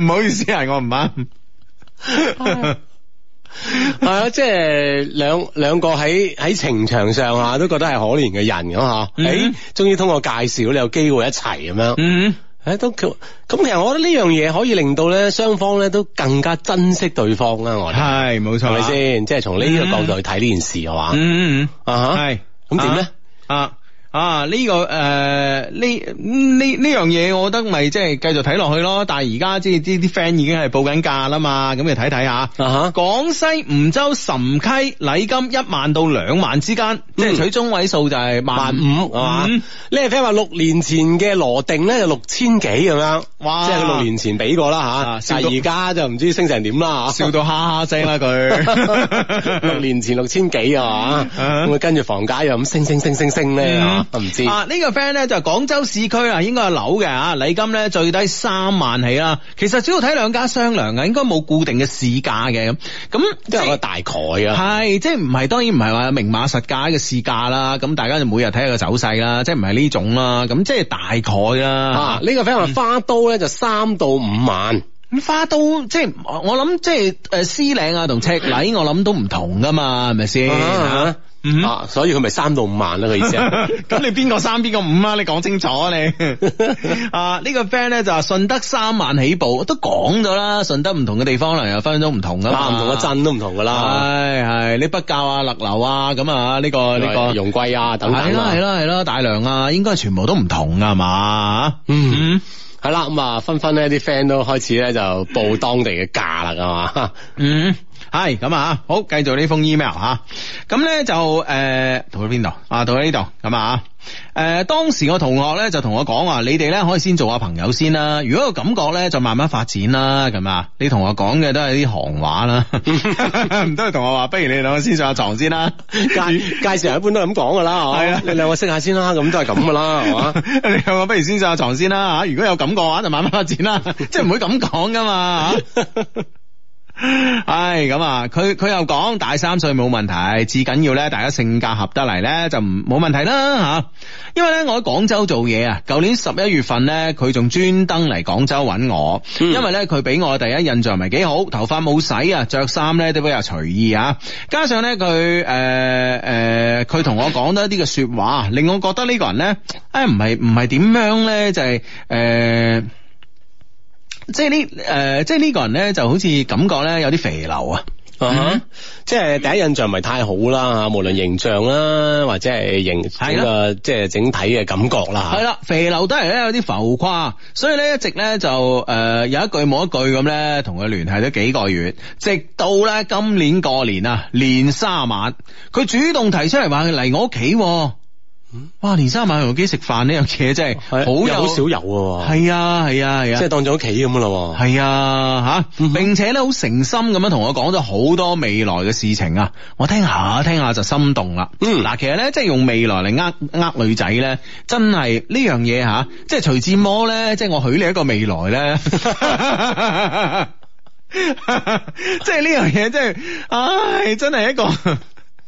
唔 好意思係我唔啱。哎係 一啊，即係兩兩個喺喺情場上吓、啊、都覺得係可憐嘅人咁吓，誒、啊 mm hmm. 欸，終於通過介紹，你有機會一齊咁樣，嗯，誒，都咁，其實我覺得呢樣嘢可以令到咧雙方咧都更加珍惜對方啦，我哋係冇錯，係咪先？啊嗯、即係從呢個角度去睇呢件事係嘛、mm hmm. 啊，嗯嗯嗯，是啊，係是，咁點咧？啊。啊啊啊！呢個誒，呢呢呢樣嘢，我覺得咪即係繼續睇落去咯。但係而家即係啲啲 friend 已經係報緊價啦嘛，咁你睇睇吓。啊，廣西梧州岑溪禮金一萬到兩萬之間，即係取中位數就係萬五係嘛？呢個 friend 話六年前嘅羅定咧就六千幾咁樣，哇！即係佢六年前俾過啦吓，但係而家就唔知升成點啦吓。笑到哈哈聲啦佢，六年前六千幾啊，咁會跟住房價又咁升升升升升咧。都唔知啊！這個、呢個 friend 咧就係廣州市區啊，應該有樓嘅啊，禮金咧最低三萬起啦。其實主要睇兩家商量啊，應該冇固定嘅市價嘅咁。咁即係個大概啊。係，即係唔係，當然唔係話明碼實價嘅市價啦。咁大家就每日睇下個走勢啦。即係唔係呢種啦。咁即係大概啦。啊，呢、啊這個 friend 話、嗯、花都咧就三到五萬。咁、嗯嗯、花都即係我諗即係誒，獅嶺啊同赤泥，我諗、呃、都唔同噶嘛，係咪先？Mm hmm. 啊，所以佢咪三到五萬啦？個意思啊？咁你邊個三邊個五啊？你講清楚啊。你。啊，呢個 friend 咧就話、是、順德三萬起步，都講咗啦。順德唔同嘅地方可能又分咗唔同咁。啊，唔同嘅鎮都唔同噶啦。係係、哎，呢北滘啊、勒流啊，咁啊呢、這個呢個容桂啊等等、啊。係啦係啦係啦，大良啊，應該全部都唔同噶係嘛？嗯 嗯？嗯，係啦咁啊，紛紛呢啲 friend 都開始咧就報當地嘅價啦，係嘛？嗯。嗯。係咁啊，好，繼續呢封 email 吓、啊，咁咧就誒、呃，到咗邊度啊？到咗呢度，咁啊，誒、呃，當時我同學咧就同我講話，你哋咧可以先做下朋友先啦、啊，如果有感覺咧，就慢慢發展啦、啊，係啊，你同學講嘅都係啲行話啦，唔 都係同學話，不如你哋兩個先上下床先啦、啊， 介介紹人一般都係咁講噶啦，係嘛？ 你兩個識下先啦、啊，咁都係咁噶啦，係嘛？ 你兩個不如先上下床先啦、啊，如果有感覺嘅話，就慢慢發展啦、啊，即係唔會咁講噶嘛， 唉，咁啊，佢佢又講大三歲冇問題，至緊要呢，大家性格合得嚟呢，就冇問題啦吓、啊。因為呢，我喺廣州做嘢啊，舊年十一月份呢，佢仲專登嚟廣州搵我，嗯、因為呢，佢俾我第一印象唔係幾好，頭髮冇洗啊，着衫呢都比較隨意啊，加上呢，佢誒誒，佢、呃、同、呃、我講咗一啲嘅說話令我覺得呢個人呢，誒唔係唔係點樣呢，就係、是、誒。呃即係呢誒，即係呢個人咧，就好似感覺咧有啲肥流啊、嗯、啊，即係第一印象咪太好啦吓，無論形象啦或者係形呢個即係了整，整體嘅感覺啦，係啦，肥流都係咧有啲浮誇，所以咧一直咧就誒、呃、有一句冇一句咁咧同佢聯繫咗幾個月，直到咧今年過年啊，年卅晚佢主動提出嚟話嚟我屋企、啊。哇！連三買台機食飯呢樣嘢真係好有少有，啊係啊係啊係啊，啊啊啊啊即係當咗屋企咁咯，係啊吓、啊，並且咧好誠心咁樣同我講咗好多未來嘅事情啊，我聽下聽下就心動啦。嗯，嗱，其實咧即係用未來嚟呃呃女仔咧，真係呢樣嘢吓，即係徐志摩咧，即係我許你一個未來咧， 即係呢樣嘢，即係唉，真係一個。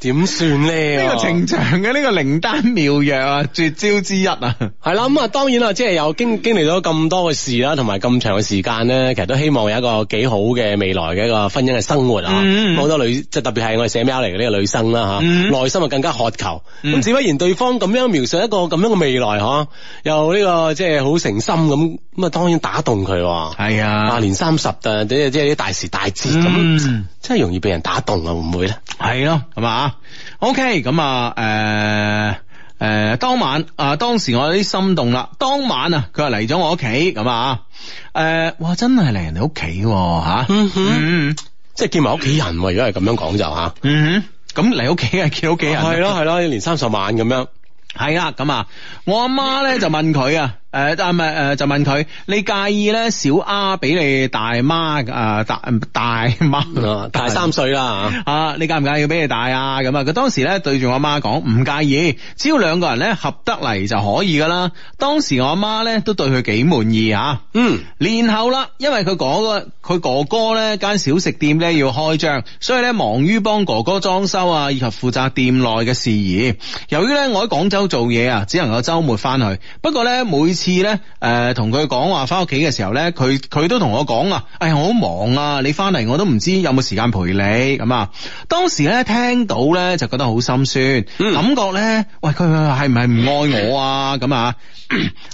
點算咧？呢、嗯這個情長嘅呢、這個靈丹妙藥啊，絕招之一啊。係啦，咁啊，當然啊，即係又經經歷咗咁多嘅事啦，同埋咁長嘅時間咧，其實都希望有一個幾好嘅未來嘅一個婚姻嘅生活啊。好、嗯、多女，即特別係我哋寫 mail 嚟嘅呢個女生啦吓，嗯、內心啊更加渴求。咁、嗯、只不然，對方咁樣描述一個咁樣嘅未來，嗬、嗯，又呢、這個即係好誠心咁，咁啊，當然打動佢。係、嗯、啊，年三十啊，即係即係啲大時大節咁，嗯、真係容易俾人打動啊，會唔會咧？係咯的，係嘛。啊，OK，咁、嗯、啊，誒、嗯、誒，當晚啊，當時我有啲心動啦。當晚啊，佢係嚟咗我屋企，咁啊，誒、嗯，哇，真係嚟人哋屋企吓，啊、嗯哼，嗯即係見埋屋企人。如果係咁樣講就吓，嗯哼，咁嚟屋企啊，見屋企人，係咯係咯，一年三十萬咁、啊 啊、樣，係啊，咁啊，我阿媽咧就問佢啊。誒，但係誒就問佢，你介意咧，小阿比你大媽誒、呃、大大媽大、啊、大三歲啦吓，你介唔介意俾你大啊咁啊？佢當時咧對住我媽講唔介意，只要兩個人咧合得嚟就可以噶啦。當時我阿媽咧都對佢幾滿意吓。嗯，然後啦，因為佢哥哥佢哥哥咧間小食店咧要開張，所以咧忙於幫哥哥裝修啊，以及負責店內嘅事宜。由於咧我喺廣州做嘢啊，只能夠周末翻去。不過咧每次。次咧，誒，同佢講話翻屋企嘅時候咧，佢佢都同我講啊，哎我好忙啊，你翻嚟，我都唔知有冇時間陪你咁啊。當時咧聽到咧就覺得好心酸，感覺咧，喂，佢係唔係唔愛我啊？咁啊，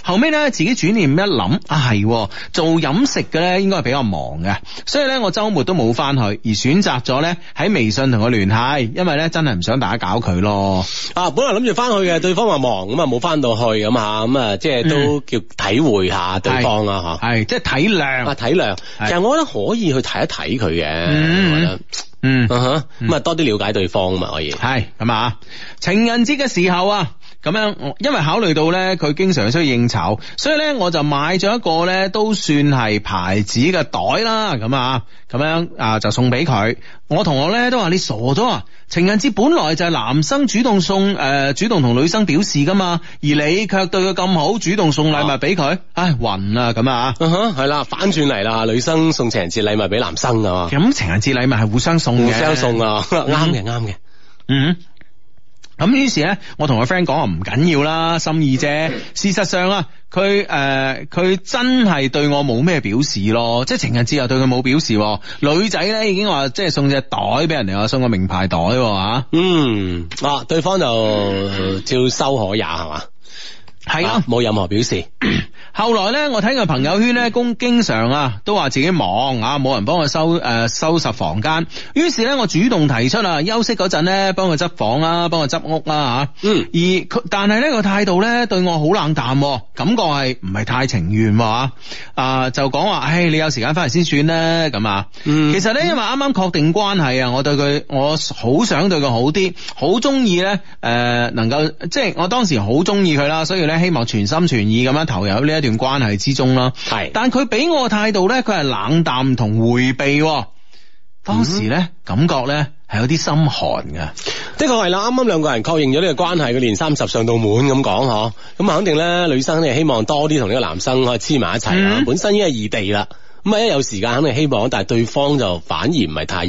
後尾咧自己轉念一諗，啊，係做飲食嘅咧，應該係比較忙嘅，所以咧我周末都冇翻去，而選擇咗咧喺微信同佢聯繫，因為咧真係唔想打攪佢咯。啊，本來諗住翻去嘅，對方話忙咁啊，冇翻到去咁啊，咁、嗯、啊，即係都。嗯叫體會下對方啊嚇，係即係體諒啊體諒。其實我覺得可以去睇一睇佢嘅，我覺得，嗯，啊哈，咁啊多啲了解對方啊嘛、嗯、可以。係咁啊，情人節嘅時候啊。咁樣，因為考慮到呢，佢經常需要應酬，所以呢，我就買咗一個呢，都算係牌子嘅袋啦，咁啊，咁樣啊就送俾佢。我同學呢，都話你傻咗啊！情人節本來就係男生主動送，誒、呃，主動同女生表示噶嘛，而你卻對佢咁好，主動送禮物俾佢，啊、唉，暈啊，咁啊，係啦，反轉嚟啦，女生送情人節禮物俾男生啊嘛？咁情人節禮物係互相送，互相送啊，啱 嘅，啱嘅，嗯的。咁於是咧，我同個 friend 講話唔緊要啦，心意啫。事實上啊，佢誒佢真係對我冇咩表示咯，即係情人節之後對佢冇表示。女仔咧已經話即係送隻袋俾人哋，我送個名牌袋喎嗯，啊對方就照收可也係嘛？係咯，冇、啊、任何表示。 後來呢，我睇佢朋友圈呢，公經常啊都話自己忙啊，冇人幫我收誒、呃、收拾房間。於是呢，我主動提出啊，休息陣呢，幫佢執房啊，幫佢執屋啦吓。嗯。而佢但係呢個態度呢，對我好冷淡，感覺係唔係太情願話啊，啊？就講話唉，你有時間翻嚟先算啦咁啊。嗯、其實呢，因為啱啱確定關係啊，我對佢我好想對佢好啲，好中意呢誒，能夠即係我當時好中意佢啦，所以呢。希望全心全意咁樣投入呢一段關係之中啦。係是，但佢俾我嘅態度咧，佢係冷淡同回避。當時咧，嗯、感覺咧係有啲心寒嘅。的確係啦，啱啱兩個人確認咗呢個關係，佢連三十上到滿咁講嗬。咁肯定咧，女生咧希望多啲同呢個男生可以黐埋一齊啦。嗯、本身已經係異地啦，咁啊，一有時間肯定希望，但係對方就反而唔係太。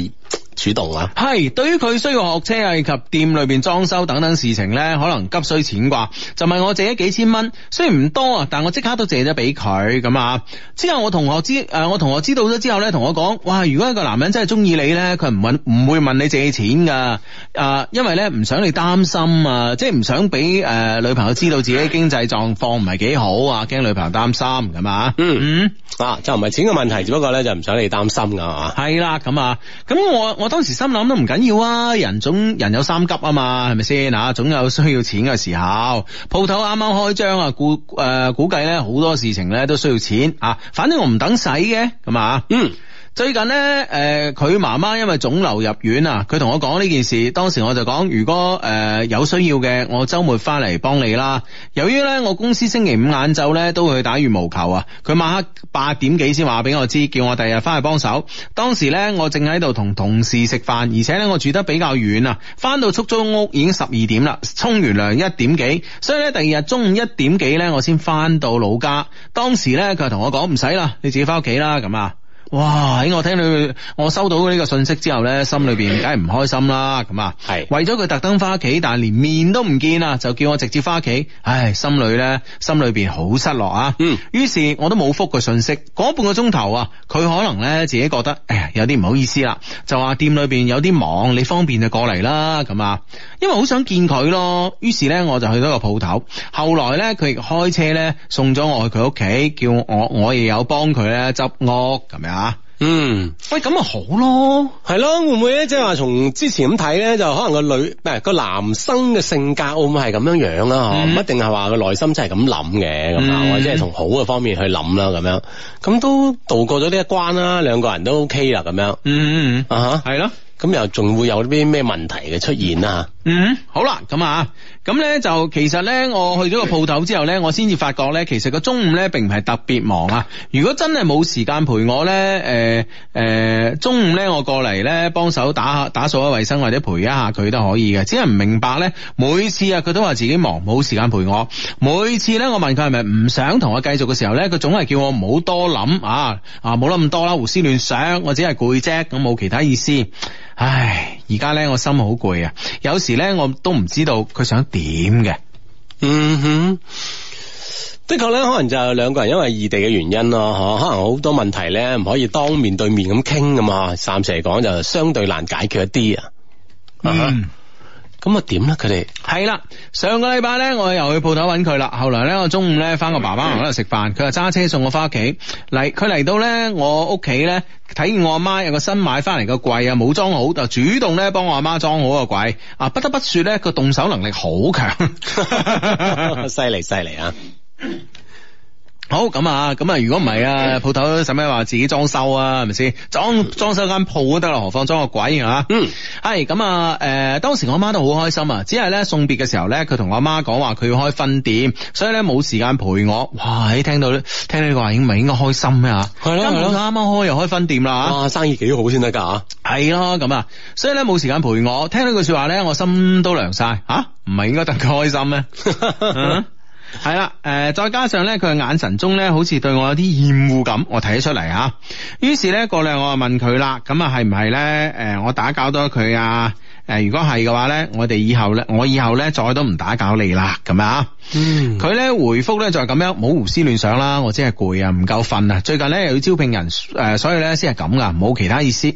主動啊！係對於佢需要學車啊，以及店裏邊裝修等等事情呢，可能急需錢啩，就問我借咗幾千蚊，雖然唔多啊，但我即刻都借咗俾佢咁啊。之後我同學知，誒，我同學知道咗之後呢，同我講，哇，如果一個男人真係中意你呢，佢唔搵唔會問你借錢噶，啊，因為呢，唔想你擔心啊，即係唔想俾誒女朋友知道自己經濟狀況唔係幾好啊，驚女朋友擔心咁，嗯嗯、啊。嗯嗯，啊就唔係錢嘅問題，只不過呢，就唔想你擔心啊。係嘛？係啦，咁啊，咁我。我我當時心諗都唔緊要啊，人總人有三急啊嘛，係咪先吓？總有需要錢嘅時候，鋪頭啱啱開張啊，估誒、呃、估計咧好多事情咧都需要錢啊。反正我唔等使嘅咁啊，嗯。最近呢，誒、呃，佢媽媽因為腫瘤入院啊。佢同我講呢件事，當時我就講，如果誒、呃、有需要嘅，我周末翻嚟幫你啦。由於呢，我公司星期五晏晝呢都會去打羽毛球啊，佢晚黑八點幾先話俾我知，叫我第日翻去幫手。當時呢，我正喺度同同事食飯，而且呢，我住得比較遠啊，翻到出租屋已經十二點啦，沖完涼一點幾，所以呢，第二日中午一點幾呢，我先翻到老家。當時呢，佢同我講唔使啦，你自己翻屋企啦咁啊。哇！我聽到我收到呢個信息之後呢，心裏邊梗係唔開心啦。咁啊，係是為咗佢特登翻屋企，但係連面都唔見啊，就叫我直接翻屋企。唉，心裏呢，心裏邊好失落啊。嗯，於是我都冇覆個信息。嗰半個鐘頭啊，佢可能呢，自己覺得，哎呀，有啲唔好意思啦，就話店裏邊有啲忙，你方便就過嚟啦。咁啊，因為好想見佢咯，於是呢，我就去咗個鋪頭。後來呢，佢亦開車呢，送咗我去佢屋企，叫我我亦有幫佢呢執屋咁樣。啊，嗯，喂，咁啊好咯，係咯，會唔會咧？即係話從之前咁睇咧，就可能個女唔個、呃、男生嘅性格，啊，會唔會係咁樣樣啦？唔一定係話個內心真係咁諗嘅，咁啊、嗯，或者係從好嘅方面去諗啦，咁樣，咁都度過咗呢一關啦，兩個人都 OK 啦，咁樣，嗯嗯啊吓，係咯的，咁又仲會有啲咩問題嘅出現啦？嗯，好啦，咁啊，咁呢就其實呢，我去咗個鋪頭之後呢，我先至發覺呢，其實個中午呢並唔係特別忙啊。如果真係冇時間陪我呢，誒、呃、誒、呃，中午呢我過嚟呢幫手打下打掃下衛生或者陪一下佢都可以嘅。只係唔明白呢，每次啊佢都話自己忙冇時間陪我。每次呢，我問佢係咪唔想同我繼續嘅時候呢，佢總係叫我唔好多諗啊啊，冇諗咁多啦，胡思亂想，我只係攰啫，咁冇其他意思。唉，而家咧我心好攰啊！有時咧我都唔知道佢想點嘅。嗯哼，的確咧，可能就兩個人因為異地嘅原因咯，吓可能好多問題咧唔可以當面對面咁傾㗎嘛。暫時嚟講就相對難解決一啲啊。嗯。呵呵咁啊點咧佢哋係啦，上個禮拜咧我又去鋪頭揾佢啦。後來咧我中午咧翻我爸爸媽媽嗰度食飯，佢、嗯嗯、就揸車送我翻屋企。嚟，佢嚟到咧我屋企咧，睇見我阿媽有個新買翻嚟個櫃啊，冇裝好，就主動咧幫我阿媽裝好個櫃。啊，不得不說咧，佢動手能力好強，犀利犀利啊！好咁啊，咁啊，如果唔係啊，鋪、嗯、頭使咩話自己裝修啊，係咪先？裝裝修間鋪都得啦，何況裝個鬼啊？嗯，係咁啊，誒、呃，當時我媽都好開心啊，只係咧送別嘅時候咧，佢同我阿媽講話佢要開分店，所以咧冇時間陪我。哇，聽到聽到呢個話已經唔係應該開心咩、啊、吓？係咯係咯，啱啱開又開分店啦、啊，哇、啊，生意幾好先得噶吓？係咯咁啊，所以咧冇時間陪我，聽到句說話咧，我心都涼晒吓，唔、啊、係應該戥佢開心咩、啊？ 係啦，誒、呃，再加上咧，佢嘅眼神中咧，好似對我有啲厭惡感，我睇得出嚟啊，於是咧，過兩日，我就問佢啦，咁啊係唔係咧？誒，我打攪到佢啊？誒、呃，如果係嘅話咧，我哋以後咧，我以後咧，再都唔打攪你啦，咁啊。嗯。佢咧回覆咧就係、是、咁樣，冇胡思亂想啦，我真係攰啊，唔夠瞓啊，最近咧又要招聘人，誒、呃，所以咧先係咁噶，冇其他意思。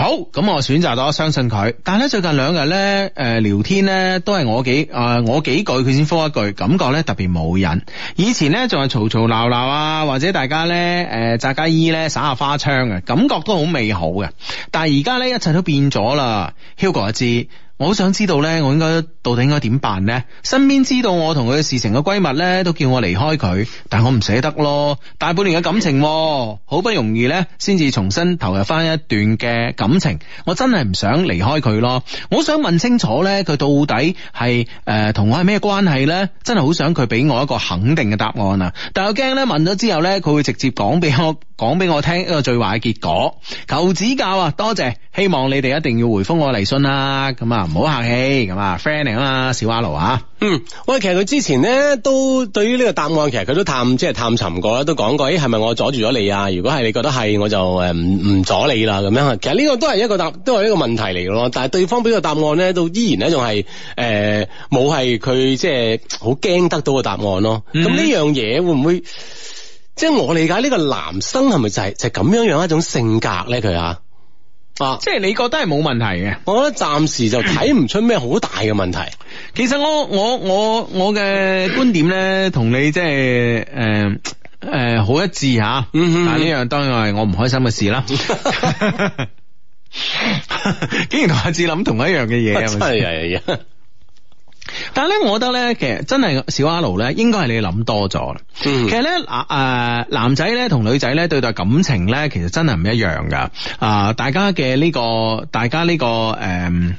好，咁我選擇咗相信佢。但係咧最近兩日咧，誒、呃、聊天咧都係我幾誒、呃、我幾句佢先覆一句，感覺咧特別冇癮。以前咧仲係嘈嘈鬧鬧啊，或者大家咧誒扎雞衣咧耍下花槍嘅，感覺都好美好嘅。但係而家咧一切都變咗啦，Hugo 阿志。我好想知道呢，我應該到底應該點辦呢？身邊知道我同佢嘅事情嘅閨蜜呢，都叫我離開佢，但我唔捨得咯，大半年嘅感情，好不容易呢先至重新投入翻一段嘅感情，我真係唔想離開佢咯。我想問清楚呢，佢到底係誒同我係咩關係呢？真係好想佢俾我一個肯定嘅答案啊！但我又驚呢問咗之後呢，佢會直接講俾我講俾我聽一個最壞嘅結果。求指教啊，多謝，希望你哋一定要回覆我嚟信啦。咁啊～唔好客氣，咁啊，friend 嚟啊嘛，小阿奴啊，嗯，喂，其實佢之前咧都對於呢個答案，其實佢都探，即係探尋過啦，都講過，誒、欸，係咪我阻住咗你啊？如果係，你覺得係，我就誒唔唔阻你啦，咁樣啊。其實呢個都係一個答，都係一個問題嚟嘅咯。但係對方俾個答案咧，都依然咧仲係誒冇係佢即係好驚得到個答案咯。咁呢、嗯、樣嘢會唔會即係我理解呢個男生係咪就係、係、就咁、係、樣樣一種性格咧？佢啊？啊！即係你覺得係冇問題嘅，我覺得暫時就睇唔出咩好大嘅問題。 其實我我我我嘅觀點咧，同你即係誒誒好一致吓。嗯、哼但呢樣當然係我唔開心嘅事啦。 竟然同阿志諗同一樣嘅嘢，係係 啊！ 但係咧，我覺得咧，其實真係小阿盧咧，應該係你諗多咗啦。嗯。其實咧，啊、呃、誒男仔咧同女仔咧對待感情咧，其實真係唔一樣噶。啊、呃，大家嘅呢、這個，大家呢、這個誒。呃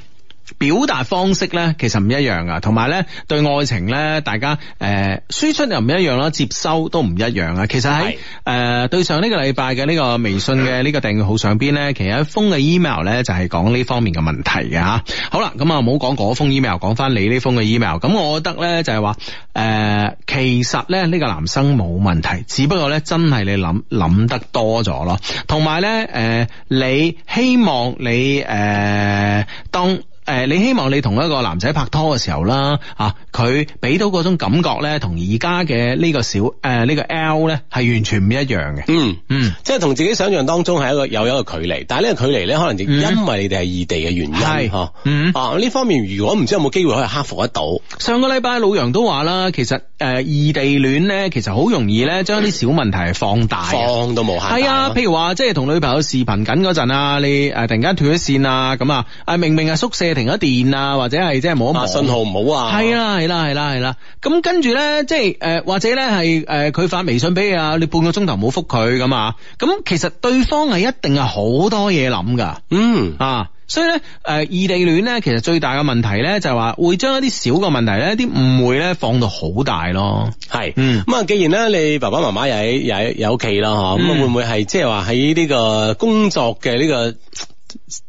表達方式呢、呃，其實唔一樣噶，同埋呢對愛情呢，大家誒輸出又唔一樣啦，接收都唔一樣啊。其實喺誒對上呢個禮拜嘅呢個微信嘅呢個訂閱號上邊呢，其實一封嘅 email 呢就係講呢方面嘅問題嘅吓、啊。好啦，咁啊唔好講嗰封 email，講翻你呢封嘅 email。咁我覺得呢，就係話誒其實咧呢個男生冇問題，只不過呢真係你諗諗得多咗咯。同埋呢，誒、呃、你希望你誒、呃、當。誒、呃，你希望你同一個男仔拍拖嘅時候啦，啊，佢俾到嗰種感覺咧，同而家嘅呢個小誒呢、呃這個 L 咧係完全唔一樣嘅。嗯嗯，嗯即係同自己想象當中係一個有一個距離，但係呢個距離咧可能就因為你哋係異地嘅原因，係嗬。呢方面如果唔知有冇機會可以克服得到。嗯嗯、上個禮拜老楊都話啦，其實誒異地戀咧，其實好容易咧將啲小問題放大，放到無限。係啊，譬、啊、如話即係同女朋友視頻緊嗰陣啊，你誒突然間斷咗線啊，咁啊誒明明係宿舍。停咗電啊，或者係即係冇信號唔好啊，係啦係啦係啦係啦，咁、啊啊啊、跟住咧，即係誒、呃、或者咧係誒佢發微信俾你，你半個鐘頭冇復佢咁啊，咁其實對方係一定係好多嘢諗噶，嗯啊，所以咧誒異地戀咧，其實最大嘅問題咧就係話、是、會將一啲小嘅問題咧，啲誤會咧放到好大咯，係是，嗯，咁啊既然咧你爸爸媽媽又喺又喺有屋企啦嗬，咁、嗯、會唔會係即係話喺呢個工作嘅呢、這個？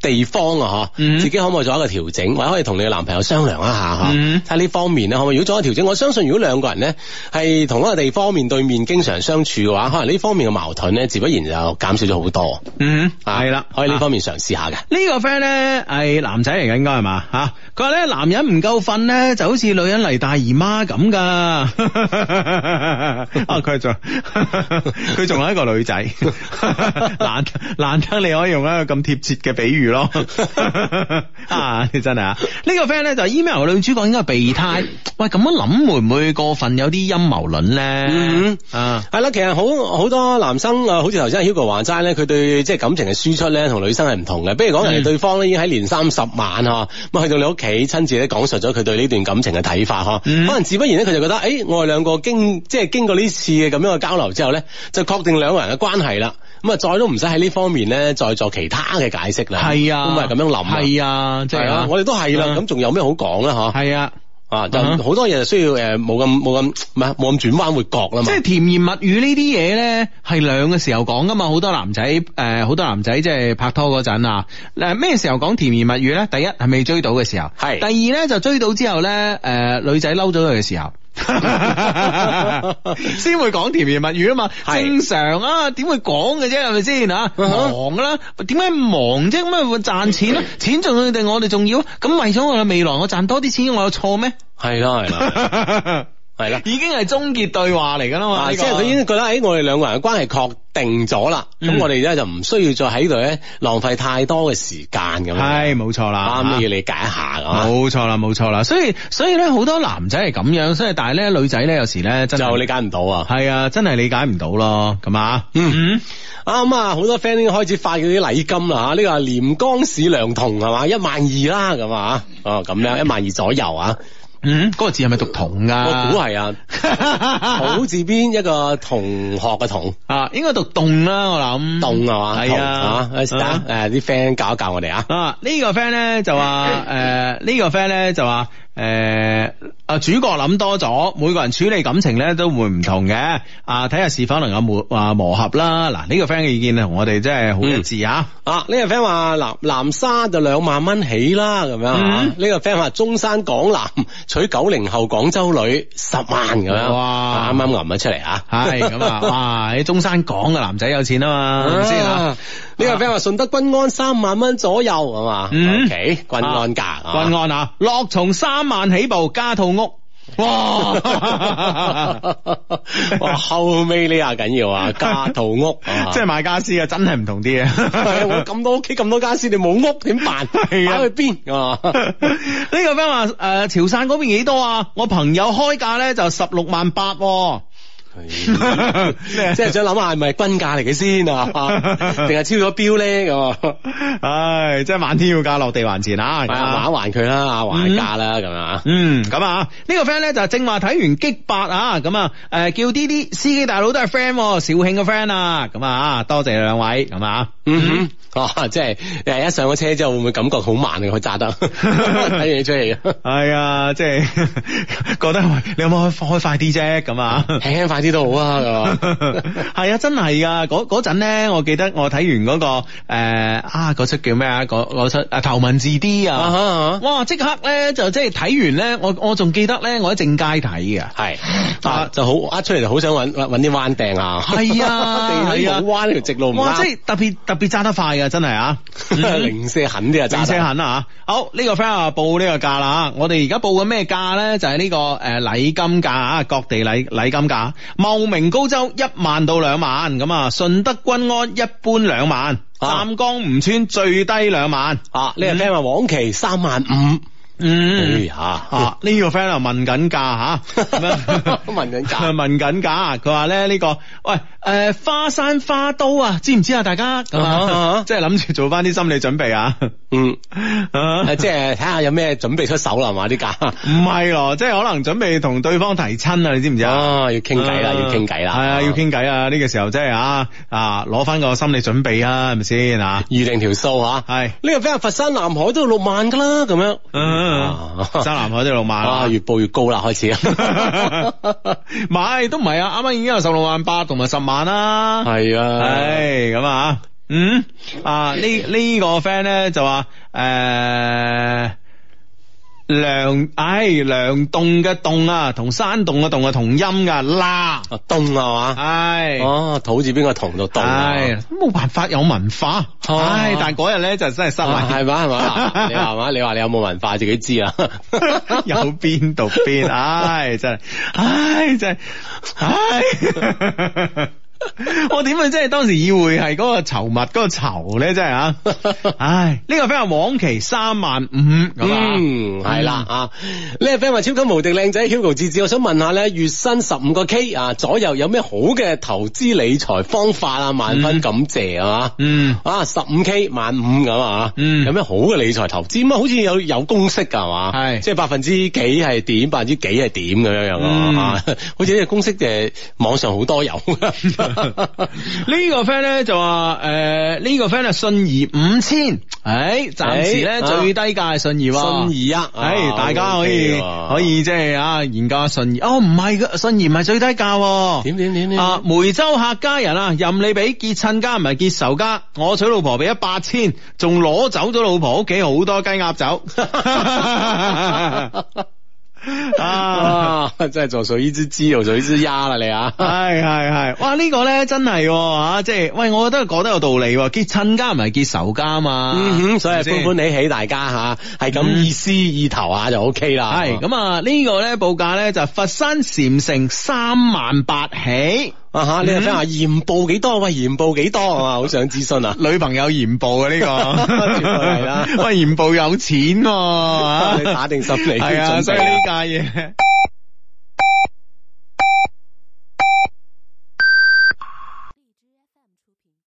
地方啊，吓，自己可唔可以做一個調整，嗯、或者可以同你嘅男朋友商量一下吓，睇呢、嗯、方面咧可唔可以？如果做一個調整，我相信如果兩個人咧係同一個地方面對面經常相處嘅話，可能呢方面嘅矛盾咧，自不然就減少咗好多。嗯，嗯，係啦、啊對啊，可以呢方面嘗試下嘅。呢、啊這個 friend 咧係男仔嚟嘅，應該係嘛吓？佢話咧男人唔夠瞓咧，就好似女人嚟大姨媽咁噶。哦、 啊，佢仲佢仲係一個女仔， 難難得你可以用一個咁貼切嘅。比喻咯， 啊，真係啊！個呢個 friend 咧就是，email 女主角應該係備胎， 喂，咁樣諗會唔會過分有啲陰謀論咧？嗯啊，係啦、嗯，其實好好多男生啊，好似頭先阿 Hugo 話齋咧，佢對即係感情嘅輸出咧，同女生係唔同嘅。不如講，人哋對方咧已經喺年三十晚啊，咁、嗯、去到你屋企親自咧講述咗佢對呢段感情嘅睇法嗬，嗯、可能自不然咧，佢就覺得誒、哎，我哋兩個經即係、就是、經過呢次嘅咁樣嘅交流之後咧，就確定兩個人嘅關係啦。咁啊，再都唔使喺呢方面咧，再作其他嘅解釋啦。係啊，咁咪咁樣諗啊。係啊，即係啦，我哋都係啦。咁仲有咩好講咧？吓，係啊，啊，好多嘢需要誒，冇咁冇咁唔係，冇咁轉彎會角啦嘛。即係甜言蜜語呢啲嘢咧，係兩個時候講噶嘛。好多男仔誒，好多男仔即係拍拖嗰陣啊。嗱，咩時候講甜言蜜語咧？第一係未追到嘅時候，係。第二咧就追到之後咧，誒、呃呃，女仔嬲咗佢嘅時候。 先會講甜言蜜語啊嘛，是正常啊，點會講嘅啫，係咪先吓？ 忙噶、啊、啦，點解忙啫、啊？咁咪會賺錢啦、啊，錢仲要對我哋重要，咁為咗我哋未來，我賺多啲錢，我有錯咩？係啦，係啦。 係啦，已經係終結對話嚟噶啦嘛，即係佢已經覺得誒，我哋兩個人嘅關係確定咗啦，咁我哋而家就唔需要再喺度咧浪費太多嘅時間咁。係，冇錯啦，啱都要理解一下咁。冇錯啦，冇錯啦，所以所以咧好多男仔係咁樣，所以但係咧女仔咧有時咧真係理解唔到啊。係啊，真係理解唔到咯，咁啊。嗯哼，啱啊，好多 friend 已經開始發佢啲禮金啦吓，呢個係廉江市良同係嘛，一萬二啦咁啊，哦咁樣，一萬二左右啊。嗯，嗰個字係咪讀同啊？我估係啊，土 字邊一個同學嘅同 啊，應該讀棟啦，我諗棟係嘛？係啊，誒，啲 friend 教一教我哋啊。啊。這個、呢、呃這個 friend 咧就話，誒，呢個 friend 咧就話。誒，啊、嗯、主角諗多咗，每個人處理感情咧都會唔同嘅，啊睇下是否能夠磨啊磨合啦。嗱呢個 friend 嘅意見同我哋真係好一致啊。嗯、啊呢個 friend 話南南沙就兩萬蚊起啦，咁樣呢、嗯、個 friend 話中山港男娶九零後廣州女十萬咁樣。啊。哇，啱啱岩咗出嚟啊。係咁啊，哇喺中山港嘅男仔有錢啊嘛，係咪先啊？啊呢、啊、個 friend 話順德均安三萬蚊左右係嘛？嗯，k，、嗯、均安價，均安啊，啊樂從三萬起步加套屋，哇！ 哇，後屘呢啊緊要啊，加套屋，啊、即係買家私 啊，真係唔同啲啊！咁多屋企咁多家私，你冇屋點辦？係啊，去邊啊？呢個 friend 話誒，潮汕嗰邊幾多啊？我朋友開價咧就十六萬八、啊。即係想諗下係咪均價嚟嘅先啊，定係超咗標咧咁唉，即係滿天要價，落地還錢啊！係啊，還一還佢啦，還價啦咁啊！嗯，咁啊，呢個 friend 咧就正話睇完激八啊，咁啊，誒，叫啲啲司機大佬都係 friend，肇慶嘅 friend 啊，咁啊，多謝兩位咁啊！嗯，哦，即係誒，一上咗車之後會唔會感覺好慢啊？佢揸得睇嘢出嚟啊！係啊，即係覺得你有冇開開快啲啫？咁啊，輕快。啲都好啊，係 啊，真係啊。嗰嗰陣咧，我記得我睇完嗰、那個誒、呃、啊嗰出叫咩啊？嗰出啊《頭文字 D 啊啊》啊，哇！即刻咧就即係睇完咧，我我仲記得咧，我喺正街睇嘅，係是啊，就好出嚟就好想搵啲彎掟啊，係啊，地係好彎條直路哇！即係特別特別揸得快嘅、啊，真係啊， 零舍狠啲啊，零舍狠啊！好呢、這個 friend 啊，報呢個價啦，我哋而家報緊咩價咧？就係、是、呢個誒禮金價啊，各地禮禮金價。茂名高州一萬到兩萬，咁啊，順德均安一般兩萬，湛江吳川最低兩萬，啊，呢係咩啊？黃岐三萬五。嗯吓呢個 friend 問緊價吓，問緊價問緊價，佢話咧呢個喂誒花山花都啊，知唔知啊大家，咁即係諗住做翻啲心理準備啊，嗯即係睇下有咩準備出手啦嘛啲價，唔係咯，即係可能準備同對方提親啊，你知唔知啊？要傾偈啦，要傾偈啦，係啊，要傾偈啊，呢個時候即係啊啊，攞翻個心理準備啊，係咪先啊？預定條數啊，係呢個 friend 佛山南海都要六萬噶啦，咁樣。啊，山南海都六萬啦、啊，越報越高啦，開始 啊！買都唔係啊，啱啱已經有十六萬八同埋十萬啦，係啊，唉，咁啊，嗯，啊、這個、 呢呢個 friend 咧就話誒。呃梁，唉，梁、哎、洞嘅洞啊，同山洞嘅洞，啊、洞啊同音噶，啦、哎，洞係嘛？唉哦，土字邊個同到洞、啊？唉、哎，冇辦法，有文化，唉，但嗰日咧就真係失禮係嘛係嘛？你話係嘛？你話你有冇文化自己知啊？ 有邊讀邊，唉、哎，真係，唉、哎，真係，唉。哎 我點會、那個？真係當時議會係嗰個籌物嗰個籌咧，真係啊！唉，呢、這個 friend 話往期三萬五，35, 000, 嗯，係啦啊！呢個 friend 話超級無敵靚仔 Hugo 自自，我想問下咧，月薪十五個 K 啊左右，有咩好嘅投資理財方法啊？萬分感謝啊嘛！嗯啊，十五 K 萬五咁啊，有咩好嘅理財投資啊？好似有有公式噶係嘛？係是是即係百分之幾係點，百分之幾係點咁樣樣、嗯、啊？好似呢個公式就係網上好多有。 個呢、呃這個 friend 咧就話誒，呢個 friend 係信宜五千，誒暫時咧、哎、最低價係信宜、哦，信宜、啊，誒、哎、大家可以、哦、可以即係啊研究下信宜。哦，唔係嘅，信宜唔係最低價、哦。點點點,點啊，梅州客家人啊，任你俾結親家唔係結仇家，我娶老婆俾咗八千，仲攞走咗老婆屋企好多雞鴨走。 啊，真係就做一隻雞又做呢隻鴨啦，你啊，係係係，哇，這個，呢個咧真係吓，哦，即係喂，我覺得講得有道理，哦，結親家唔係結仇家啊嘛，嗯哼，所以歡歡喜喜大家吓，係咁意思意頭下就 OK 啦，係咁啊呢個咧報價咧就佛山禪城三萬八起。啊哈！Uh、huh, 你又講話鹽步幾多？喂，鹽步幾多 啊？好想諮詢啊！女朋友鹽步啊，呢個係啦， 喂，鹽步有錢喎、啊？吓 打定心理，係 啊，所以呢家嘢。